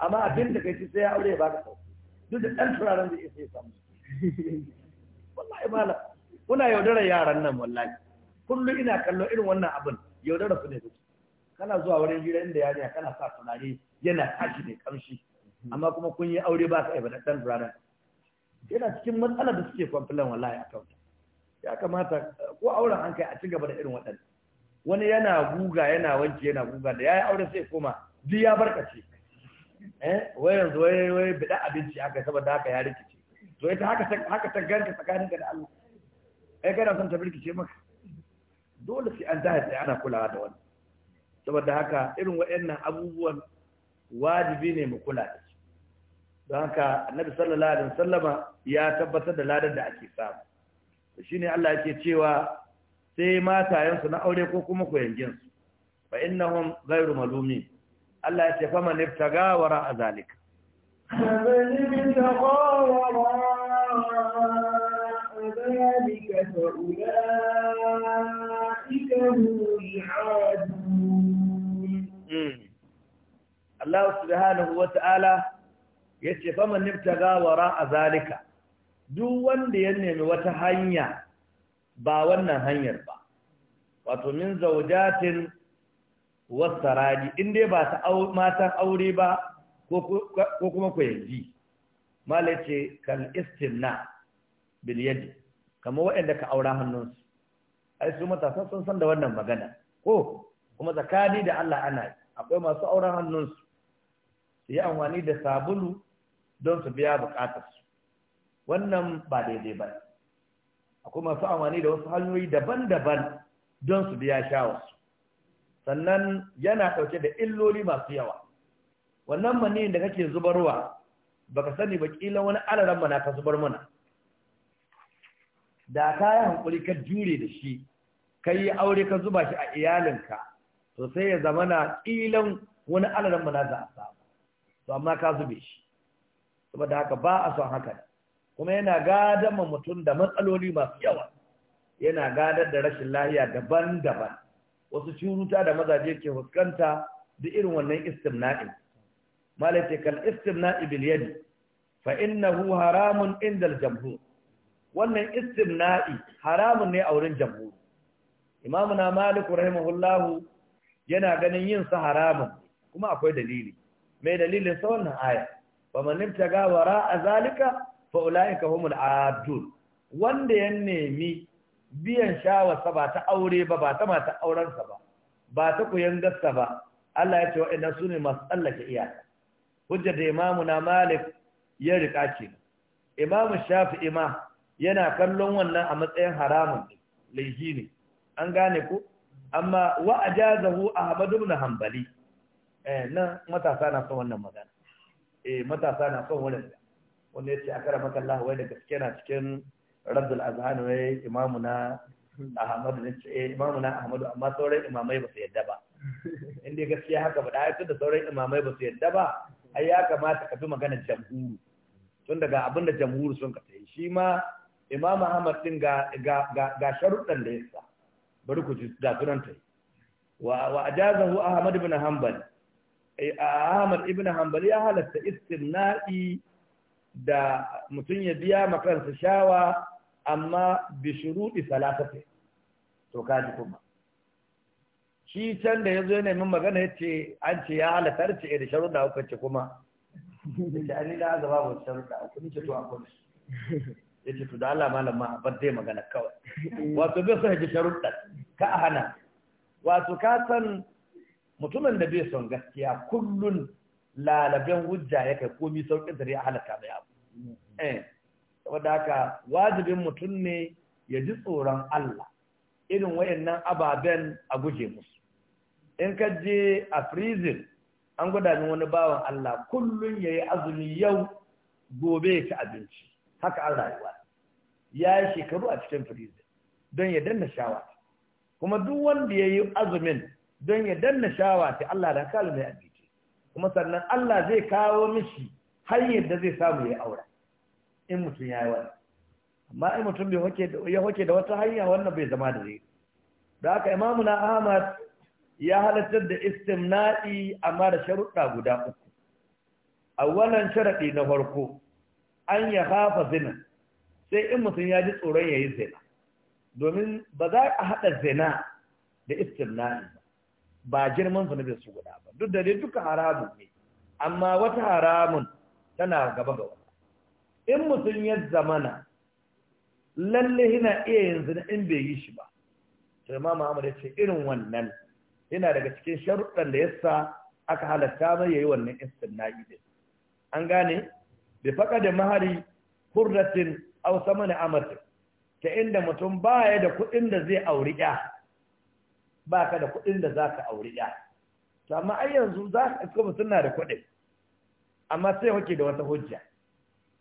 A: amma abin da kai sai ya aure ya baka sau duk da ɗan turaren da isa ya samu wallahi malam kuna yaudara yaran nan wallahi kullum ina kallo irin wannan abin yaudara su ne duk kana zuwa wurin hira inda yarinya kana sa turare yana tashi ne kamshi amma kuma kun yi aure ba ka yi ɗan turaren yana cikin matsalar da suke kwamfilan wallahi a kanta ya kamata ko auren an kai a ci gaba da irin waɗanda wani yana guga yana wanki yana guga da yayi aure sai koma duk ya barkace eh wai yanzu wai wai bida abinci aka saboda haka ya rikice to ita haka haka ta ganka tsakanin ka da Allah eh kana son ta birkice maka dole sai an dace sai ana kulawa da wannan saboda haka irin waɗannan abubuwan wajibi ne mu kula da su don haka annabi sallallahu alaihi wasallama ya tabbatar da ladan da ake samu shine Allah yake cewa sai matayensu na aure ko kuma koyanginsu fa innahum ghayru malumin Allah ya ce fa man ibtaga wara azalika
B: man ibtaga
A: hmm. Allah subhanahu wa ta'ala ya ce fa man ibtaga wara azalika duk wanda ya nemi wata hanya ba wannan hanyar ba wato min zaujatin wasarari in dai ba ta matan aure ba ko kuma yaji malace kal istinna bil yadi kamar waɗanda ka aura hannunsu ai su matasa sun san da wannan magana ko kuma tsakani da Allah ana akwai masu auren hannunsu su yi amfani da sabulu don su biya bukatarsu wannan ba daidai ba akwai masu amfani da wasu hanyoyi daban-daban don su biya shawarsu sannan yana ɗauke da illoli masu yawa wannan maniyin da kake zubarwa ba ka sani ba kila wani alaran mana ka zubar mana da ka yi hankuli ka jure da shi ka yi aure ka zuba shi a iyalinka to sai ya zama na ƙilan wani alaran mana za a samu to amma ka zube shi saboda haka ba a son haka kuma yana gadar ma mutum da matsaloli masu yawa yana gadar da rashin lahiya daban-daban wasu shuruta da mazaje ke fuskanta da irin wannan istimna'in malaka kal istimna'i bil yadi fa innahu haramun inda jamhur wannan istimna'i haramun ne a wurin jamhur na malik rahimahullahu yana ganin yin sa haramun kuma akwai dalili mai dalilin sa wannan aya fa man ibtaga wara azalika fa ulaika humul wanda ya nemi biyan shawarsa ba ta aure ba ba ta mata aurensa ba ba ta kuyan gasta ba Allah ya ce wa'annan su ne masu tsallake iyaka hujja da imamu na malik ya rika ce imamu shafi'i ma yana kallon wannan a matsayin haramun laifi ne an gane ku amma wa ajazahu ahmad ibn hanbali eh nan matasa na son wannan magana eh matasa na son wannan wanda ya ce a kara maka Allah wai da gaske na cikin Rabdul Azhan wai imamu na Ahmadu ne ce eh, imamu na Ahmadu amma sauran imamai ba su yadda ba inda dai gaskiya haka ba da da sauran imamai ba su yadda ba ai ya kamata ka fi maganar jamhuru tun daga abinda jamhuri jamhuru sun ka sai shi ma Imam Ahmad din ga ga ga sharuɗan da yasa bari ku ji da sunan ta wa wa ajazahu Ahmad ibn Hanbal eh, Ahmad ibn Hanbal ya halatta istinna'i da mutum ya biya kansa shawa amma bi shuruɗi salatati to kaji kuma shi can da ya zo yana min magana ya ce an ce ya halatar ce eh, da sharuɗa uku ce kuma da ni da azaba ba sharuɗa uku ni ce to akwai ya ce to da Allah malam ma bar dai magana kawai wato bai son ji sharuɗa ka a hana wato ka san mutumin da bai son gaskiya kullun lalaben hujja ya kai komi saukin da ya halaka da abu eh wadda haka wajibin mutum ne ya ji tsoron Allah irin wayannan ababen a guje musu in ka je a prison an gwada min wani bawan Allah kullum ya yi azumi yau gobe ya ci abinci haka an rayuwa ya yi shekaru a cikin prison don ya danna shawa kuma duk wanda ya yi azumin don ya danna shawa ta Allah da kalu mai kuma sannan Allah zai kawo mishi hanyar da zai samu ya aura in mutum ya yi wani amma in mutum ya hoke da wata hanya wannan bai zama da zai da aka imamu na ahmad ya halartar da istimna'i amma da sharuɗa guda uku a wannan sharaɗi na farko an ya hafa zina sai in mutum ya ji tsoron ya yi zina domin ba za a haɗa zina da istimna'i ba ba girman zunubin su guda ba duk da dai duka haramun ne amma wata haramun tana gaba ga wata in mutum ya zamana lalle yana iya yanzu in bai yi shi ba sai ma Muhammad ya ce irin wannan yana daga cikin sharuɗan da yasa aka halatta mai yayi wannan istinna'i din an gane bi da mahari hurratin aw samana amatin ta inda mutum baya da kuɗin da zai auri ya ba ka da kuɗin da za ka auri ya to amma ai yanzu za ka isko mutum na da kuɗin amma sai kake da wata hujja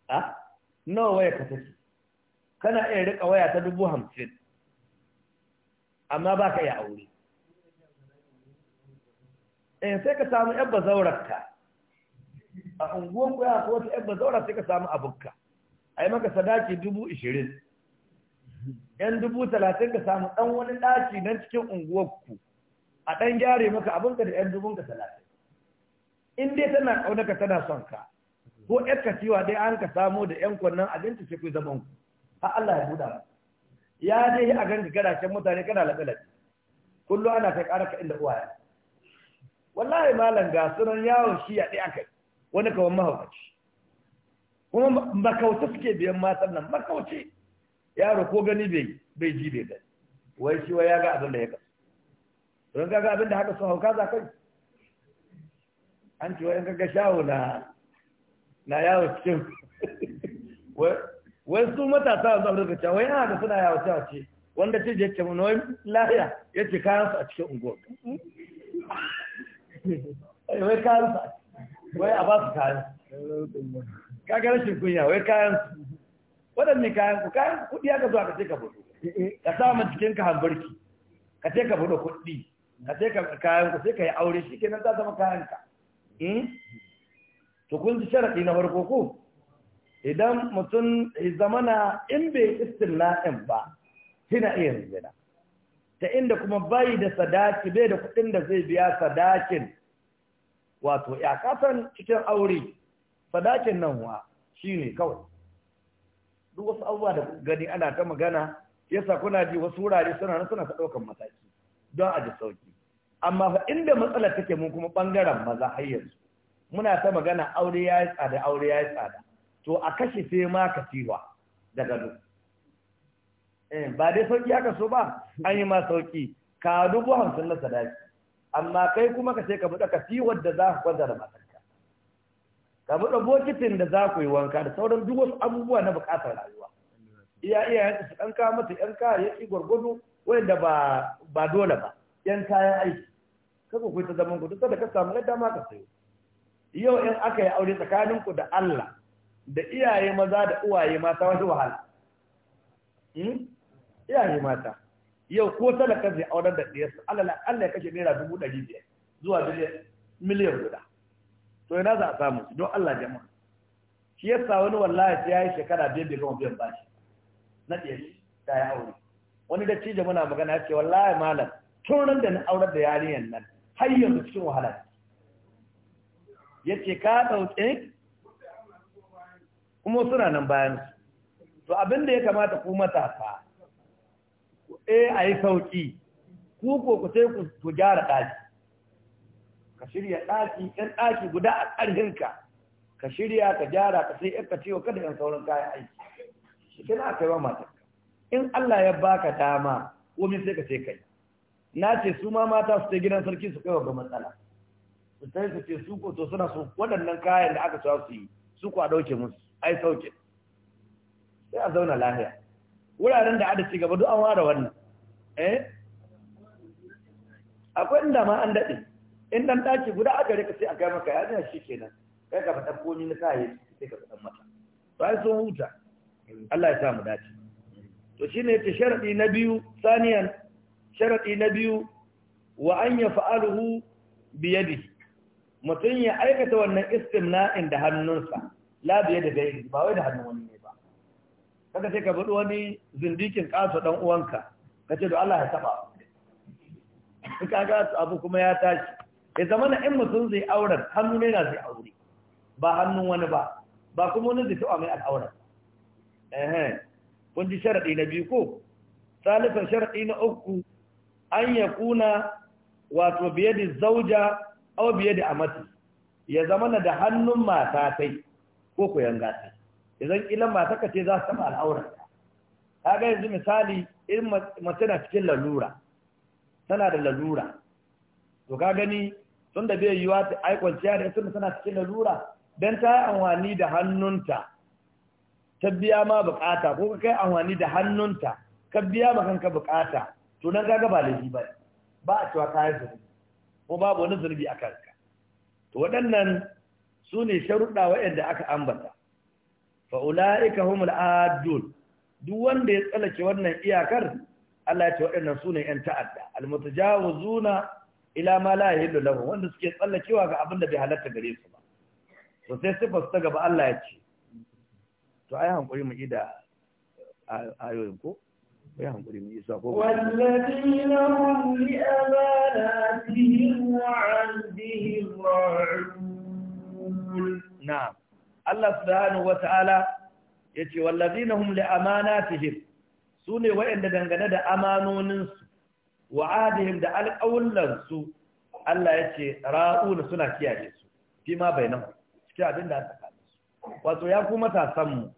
A: a nawa waya ka take kana iya riƙa waya ta dubu hamsin amma ba ka iya aure eh sai ka samu yabba zaurarka a unguwanku kuya ko wata yabba zaurar sai ka samu abukka a yi maka sadaki dubu ishirin yan dubu talatin ka samu ɗan wani ɗaci nan cikin unguwarku a ɗan gyare maka abinka da yan dubu ka talatin in dai tana ƙaunaka tana son ka ko ƴar ka cewa dai an ka samo da ƴan kwannan abinci sai ku zaman ku har Allah ya buɗa ya a ganka can mutane kana laɓe-laɓe kullum ana kai ƙara ka inda uwaya wallahi malam ga sunan yawon shi a ɗaya kai wani kawan mahaukaci kuma makauta suke biyan matan nan makauci yaro ko gani bai bai ji bai gani wai shi wai ya ga abin da ya kasu don ga abin da haka sun hauka za kai an ce wai ga shawo na na yawo cikin wai su matasa wanzu abin da cewa wai yana da suna yawo cewa ce wanda ce je ce wai lahiya ya ce kayan su a cikin unguwar wai kayan su wai a ba su kayan kagarashin rashin kunya wai kayan su waɗanne kayan ku kayan kuɗi aka zuwa ka ce ka buɗu eh, eh. ka sa ma jikin ka hamburki ka ce ka buɗe kuɗi ka ce ka kayan ku sai ka yi aure shi kenan za zama kayan ka hmm? to kun ji sharaɗi na farko ko idan mutum ya zamana in bai istina'in ba tana iya zina ta inda kuma bai da sadaki bai da kuɗin da zai biya sadakin wato ya kasan cikin aure sadakin nan wa shine kawai duk wasu abubuwa da gani ana ta magana yasa kuna ji wasu wurare suna nan suna ɗaukan mataki don a ji sauki amma fa inda matsalar take mun kuma bangaren maza har yanzu muna ta magana aure ya yi tsada aure ya yi tsada to a kashe sai ma ka katiwa da gado eh, ba dai sauki haka so ba an yi ma sauki ka dubu hamsin na sadaki amma kai kuma ka ce ka ka katiwar da za ka kwanta da matar ka buɗe bokitin da za ku yi wanka da sauran duk wasu abubuwa na buƙatar rayuwa iya iyayen su ɗan masa mata ƴan kayayyaki gwargwado wanda ba ba dole ba ƴan kayan aiki kaka ku ta zaman ku duk da ka samu yadda ma ka sayo yau in aka yi aure tsakanin ku da Allah da iyaye maza da uwaye mata wani wahala hmm? iyaye mata yau ko talaka zai aurar da ɗiyarsa Allah ya kashe naira dubu ɗari biyar zuwa miliyan guda to ina za a samu don Allah jama'a shi sa wani wallahi ya yi shekara biyar bai gama biyan bashi na ɗiyar ta yi aure wani da cije muna magana ya ce wallahi malam tun da na aurar da yarinyar nan har yanzu cikin wahala ya ce ka ɗauke kuma suna nan bayan to abin da ya kamata ku matasa eh a yi sauƙi ku ko ku sai ku gyara ɗaki ka shirya ɗaki ɗan ɗaki guda a ƙarhinka ka shirya ka gyara ka sai ka ciwo kada yan sauran kayan aiki shi kana kai wa matarka in Allah ya baka dama komai sai ka ce kai na ce su ma mata su ta gidan sarki su kai wa ga matsala su sai su ce su ko to suna su waɗannan kayan da aka sa su yi su ko a ɗauke musu ai sauke sai a zauna lahiya wuraren da ada cigaba duk an ware wannan eh akwai inda ma an daɗe in dan daki guda aka rika sai a ga maka shi kenan kai ka faɗa komi na kayayyaki sai ka faɗa mata bayan sun huta Allah ya sa mu dace to shine yace sharadi na biyu saniyan sharadi na biyu wa an yaf'aluhu bi yadihi mutum ya aikata wannan istimna'in da hannunsa la biye da gairi ba wai da hannun wani ne ba kaga sai ka budi wani zindikin kaso dan uwanka kace to Allah ya taba kaga abu kuma ya tashi ya zama na in mutum zai auren hannu ne na zai aure ba hannun wani ba ba kuma wani zai taɓa mai al'auren kun ji sharaɗi na biyu ko salifin sharaɗi na uku an ya kuna wato biye da zauja au biye da amati ya zama na da hannun mata kai ko koyan gata idan ilan mata ka ce za su taɓa al'auren ta ga yanzu misali in mace na cikin lalura tana da lalura to ka gani tun da bai yiwa ta aikwanciya da sun tana cikin lura. don ta yi amfani da hannunta ta biya ma bukata ko ka kai amfani da hannunta ka biya ma kanka bukata to nan kaga ba laifi ba ba a cewa yi zunubi ko babu wani zunubi a kanka to waɗannan su ne sharuɗa waɗanda aka ambata fa'ula'ika humul adul duk wanda ya tsallake wannan iyakar Allah ya ce waɗannan su ne ‘yan ta'adda al-mutajawizuna ila ma la yahillu lahu wanda suke tsallakewa ga abin da bai halatta gare su ba to sai su ta gaba Allah ya ce to ai hankuri mu ida ayoyin ko ai hankuri mu isa ko walladina
B: hum li amanatihim wa ahdihim
A: ra'un na'am Allah subhanahu wata'ala yace walladina hum li amanatihim sune wa'anda dangane da amanoninsu wa adihim da alƙawullan su Allah ya ce ra'una suna kiyaye su fi ma bainahu cikin abin da aka kawo su wato ya kuma matasan mu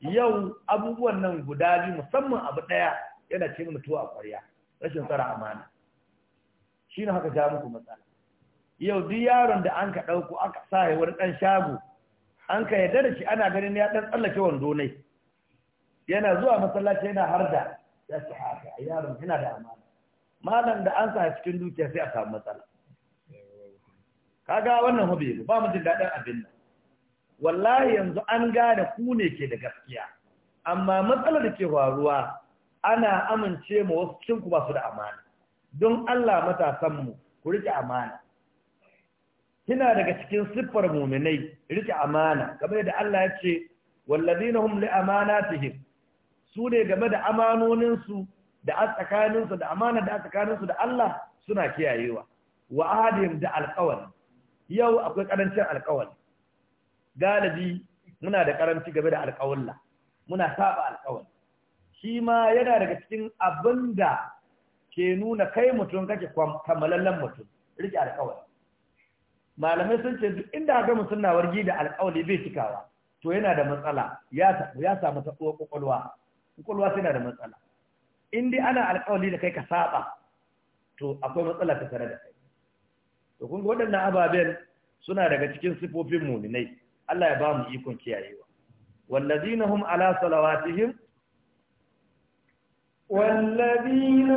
A: yau abubuwan nan guda biyu musamman abu daya yana ce mutuwa a ƙwarya rashin tsara amana shi haka ja muku matsala yau duk yaron da an ka ɗauko aka sa ya wani ɗan shago an ka yarda da shi ana ganin ya ɗan tsallake wando ne yana zuwa masallaci yana harda ya ce haka yaron yana da amana malam da an sa cikin dukiya sai a samu matsala kaga wannan hobe ba mu jin daɗin abin nan wallahi yanzu an gane ku ne ke da gaskiya amma matsalar da ke faruwa ana amince ma wasu cikin ku ba su da amana don Allah matasan mu ku rike amana kina daga cikin siffar muminai rike amana game da Allah ya ce wallazina hum li amanatihim su ne game da amanoninsu da a tsakaninsu da amana da a tsakaninsu da Allah suna kiyayewa wa ahadihim da alƙawari yau akwai karancin alƙawari galibi muna da karanci game da alƙawalla muna saba alƙawari shi ma yana daga cikin abin da ke nuna kai mutum kake kammalallen mutum rike alƙawari malamai sun ce duk inda haka mutum na wargi da alƙawari bai cikawa to yana da matsala ya samu ta tsohon ƙwaƙwalwa ƙwaƙwalwa tana da matsala in dai ana alƙawari da kai ka saba to akwai matsala ta tare da kai to kun ga waɗannan ababen suna daga cikin sifofin muminai Allah ya ba mu ikon kiyayewa wallazina hum ala salawatihim
B: والذين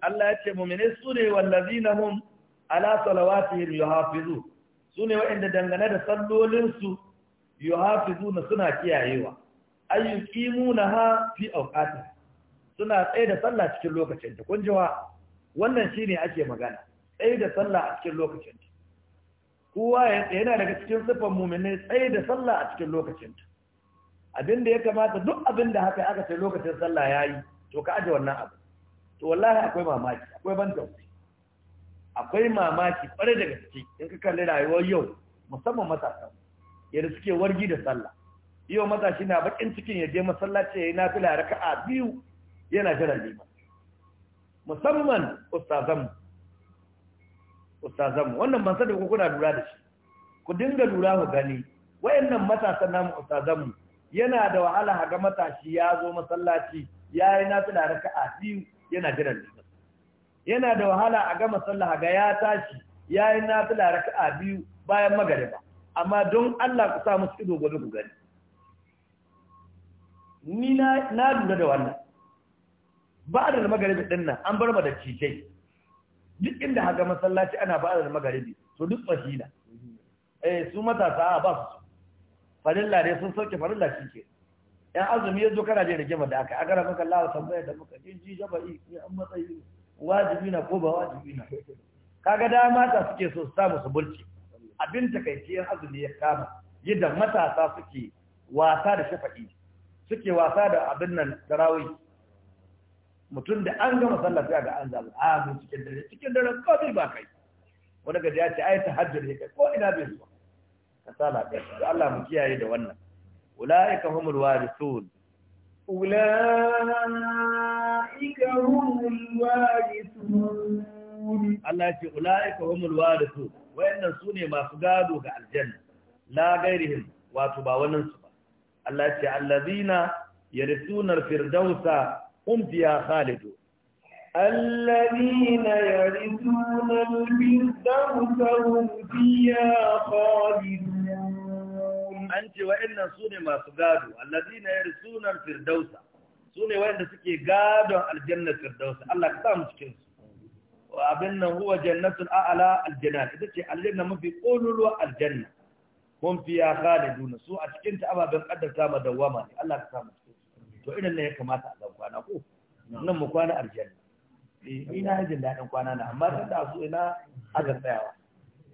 A: Allah ya ce يحافظون su ne مؤمنين سوني hum ala salawatihim yuhafizun Su ne waɗanda dangane da sallolinsu yuhafizuna suna kiyayewa ha fi awqati suna tsaye da sallah cikin lokacin ta kun jiwa wannan shine ake magana tsaye da sallah a cikin lokacin ta kowa yana daga cikin sifan mu'mini tsaye da sallah a cikin lokacin ta abinda ya kamata duk abinda haka aka ce lokacin sallah yayi to ka aje wannan abu to wallahi akwai mamaki akwai ban tausayi akwai mamaki kware daga ciki in ka kalli rayuwar yau musamman matasan yadda suke wargi da sallah yau matashi na bakin cikin ya je masallaci ya yi na fila raka raka'a biyu yana jiran liman musamman ustazanmu ustazanmu wannan ban sani ko kuna lura da shi ku dinga lura mu gani wayannan matasan namu ustazanmu yana da wahala ga matashi ya zo masallaci ya yi na fila raka raka'a biyu yana jiran liman yana da wahala a ga masallaci ga ya tashi ya yi na fila raka raka'a biyu bayan magariba amma don Allah ku sa musu ido gobe ku gani ni na na lura da wannan ba da magaribi din nan an bar ma da cikai duk inda haka masallaci ana ba da magaribi to duk fasila eh su matasa ba su farilla dai sun sauke farilla shi ke yan azumi ya zo kana da rigima da aka agara maka lawa tambaya da muka ji ji jaba'i ni an matsayi wajibi na ko ba wajibi na kaga dama ta suke so su samu su bulce abin takaiciyar azumi ya kama yadda matasa suke wasa da shafa'i suke wasa da abin nan tarawih mutum da an gama sallah sai ga an zama amin ah, cikin dare cikin dare ko bai ba kai wani gaji ya ce ai tahajjud ne kai ko ina bai zuwa kasala ɗaya da Allah mu kiyaye da wannan ulaika humul warithun
B: ulaika humul warithun Allah ya ce ulaika humul warithun wa'annan su
A: masu gado ga aljanna la gairihim wato ba wannan su ba Allah ya ce allazina yarithuna firdausa hum fiha khalidu
B: allazina yarithuna firdausa hum fiha khalidu an ce wa'annan su masu gado
A: allazina yarithuna firdausa su ne wa'anda suke gadon aljanna firdausa Allah ka sa mu cikin abin nan huwa jannatul a'la aljanna ita ce aljanna mafi kololuwa aljanna hum fiya khalidun su a cikin ta ababen kaddarta ma dawama ne Allah ka samu to irin ne ya kamata a kwana ko nan mu kwana aljanna eh, ina hajin daɗin kwana na amma tun da su ina aka tsayawa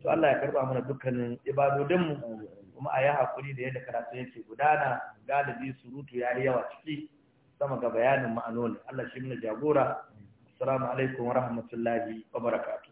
A: to Allah ya karba mana dukkanin ibadodin mu kuma a yi hakuri da yadda karatu yake gudana galibi surutu ya yi yawa ciki sama ga bayanin ma'anoni Allah shi mana jagora Assalamu alaikum wa rahmatullahi wa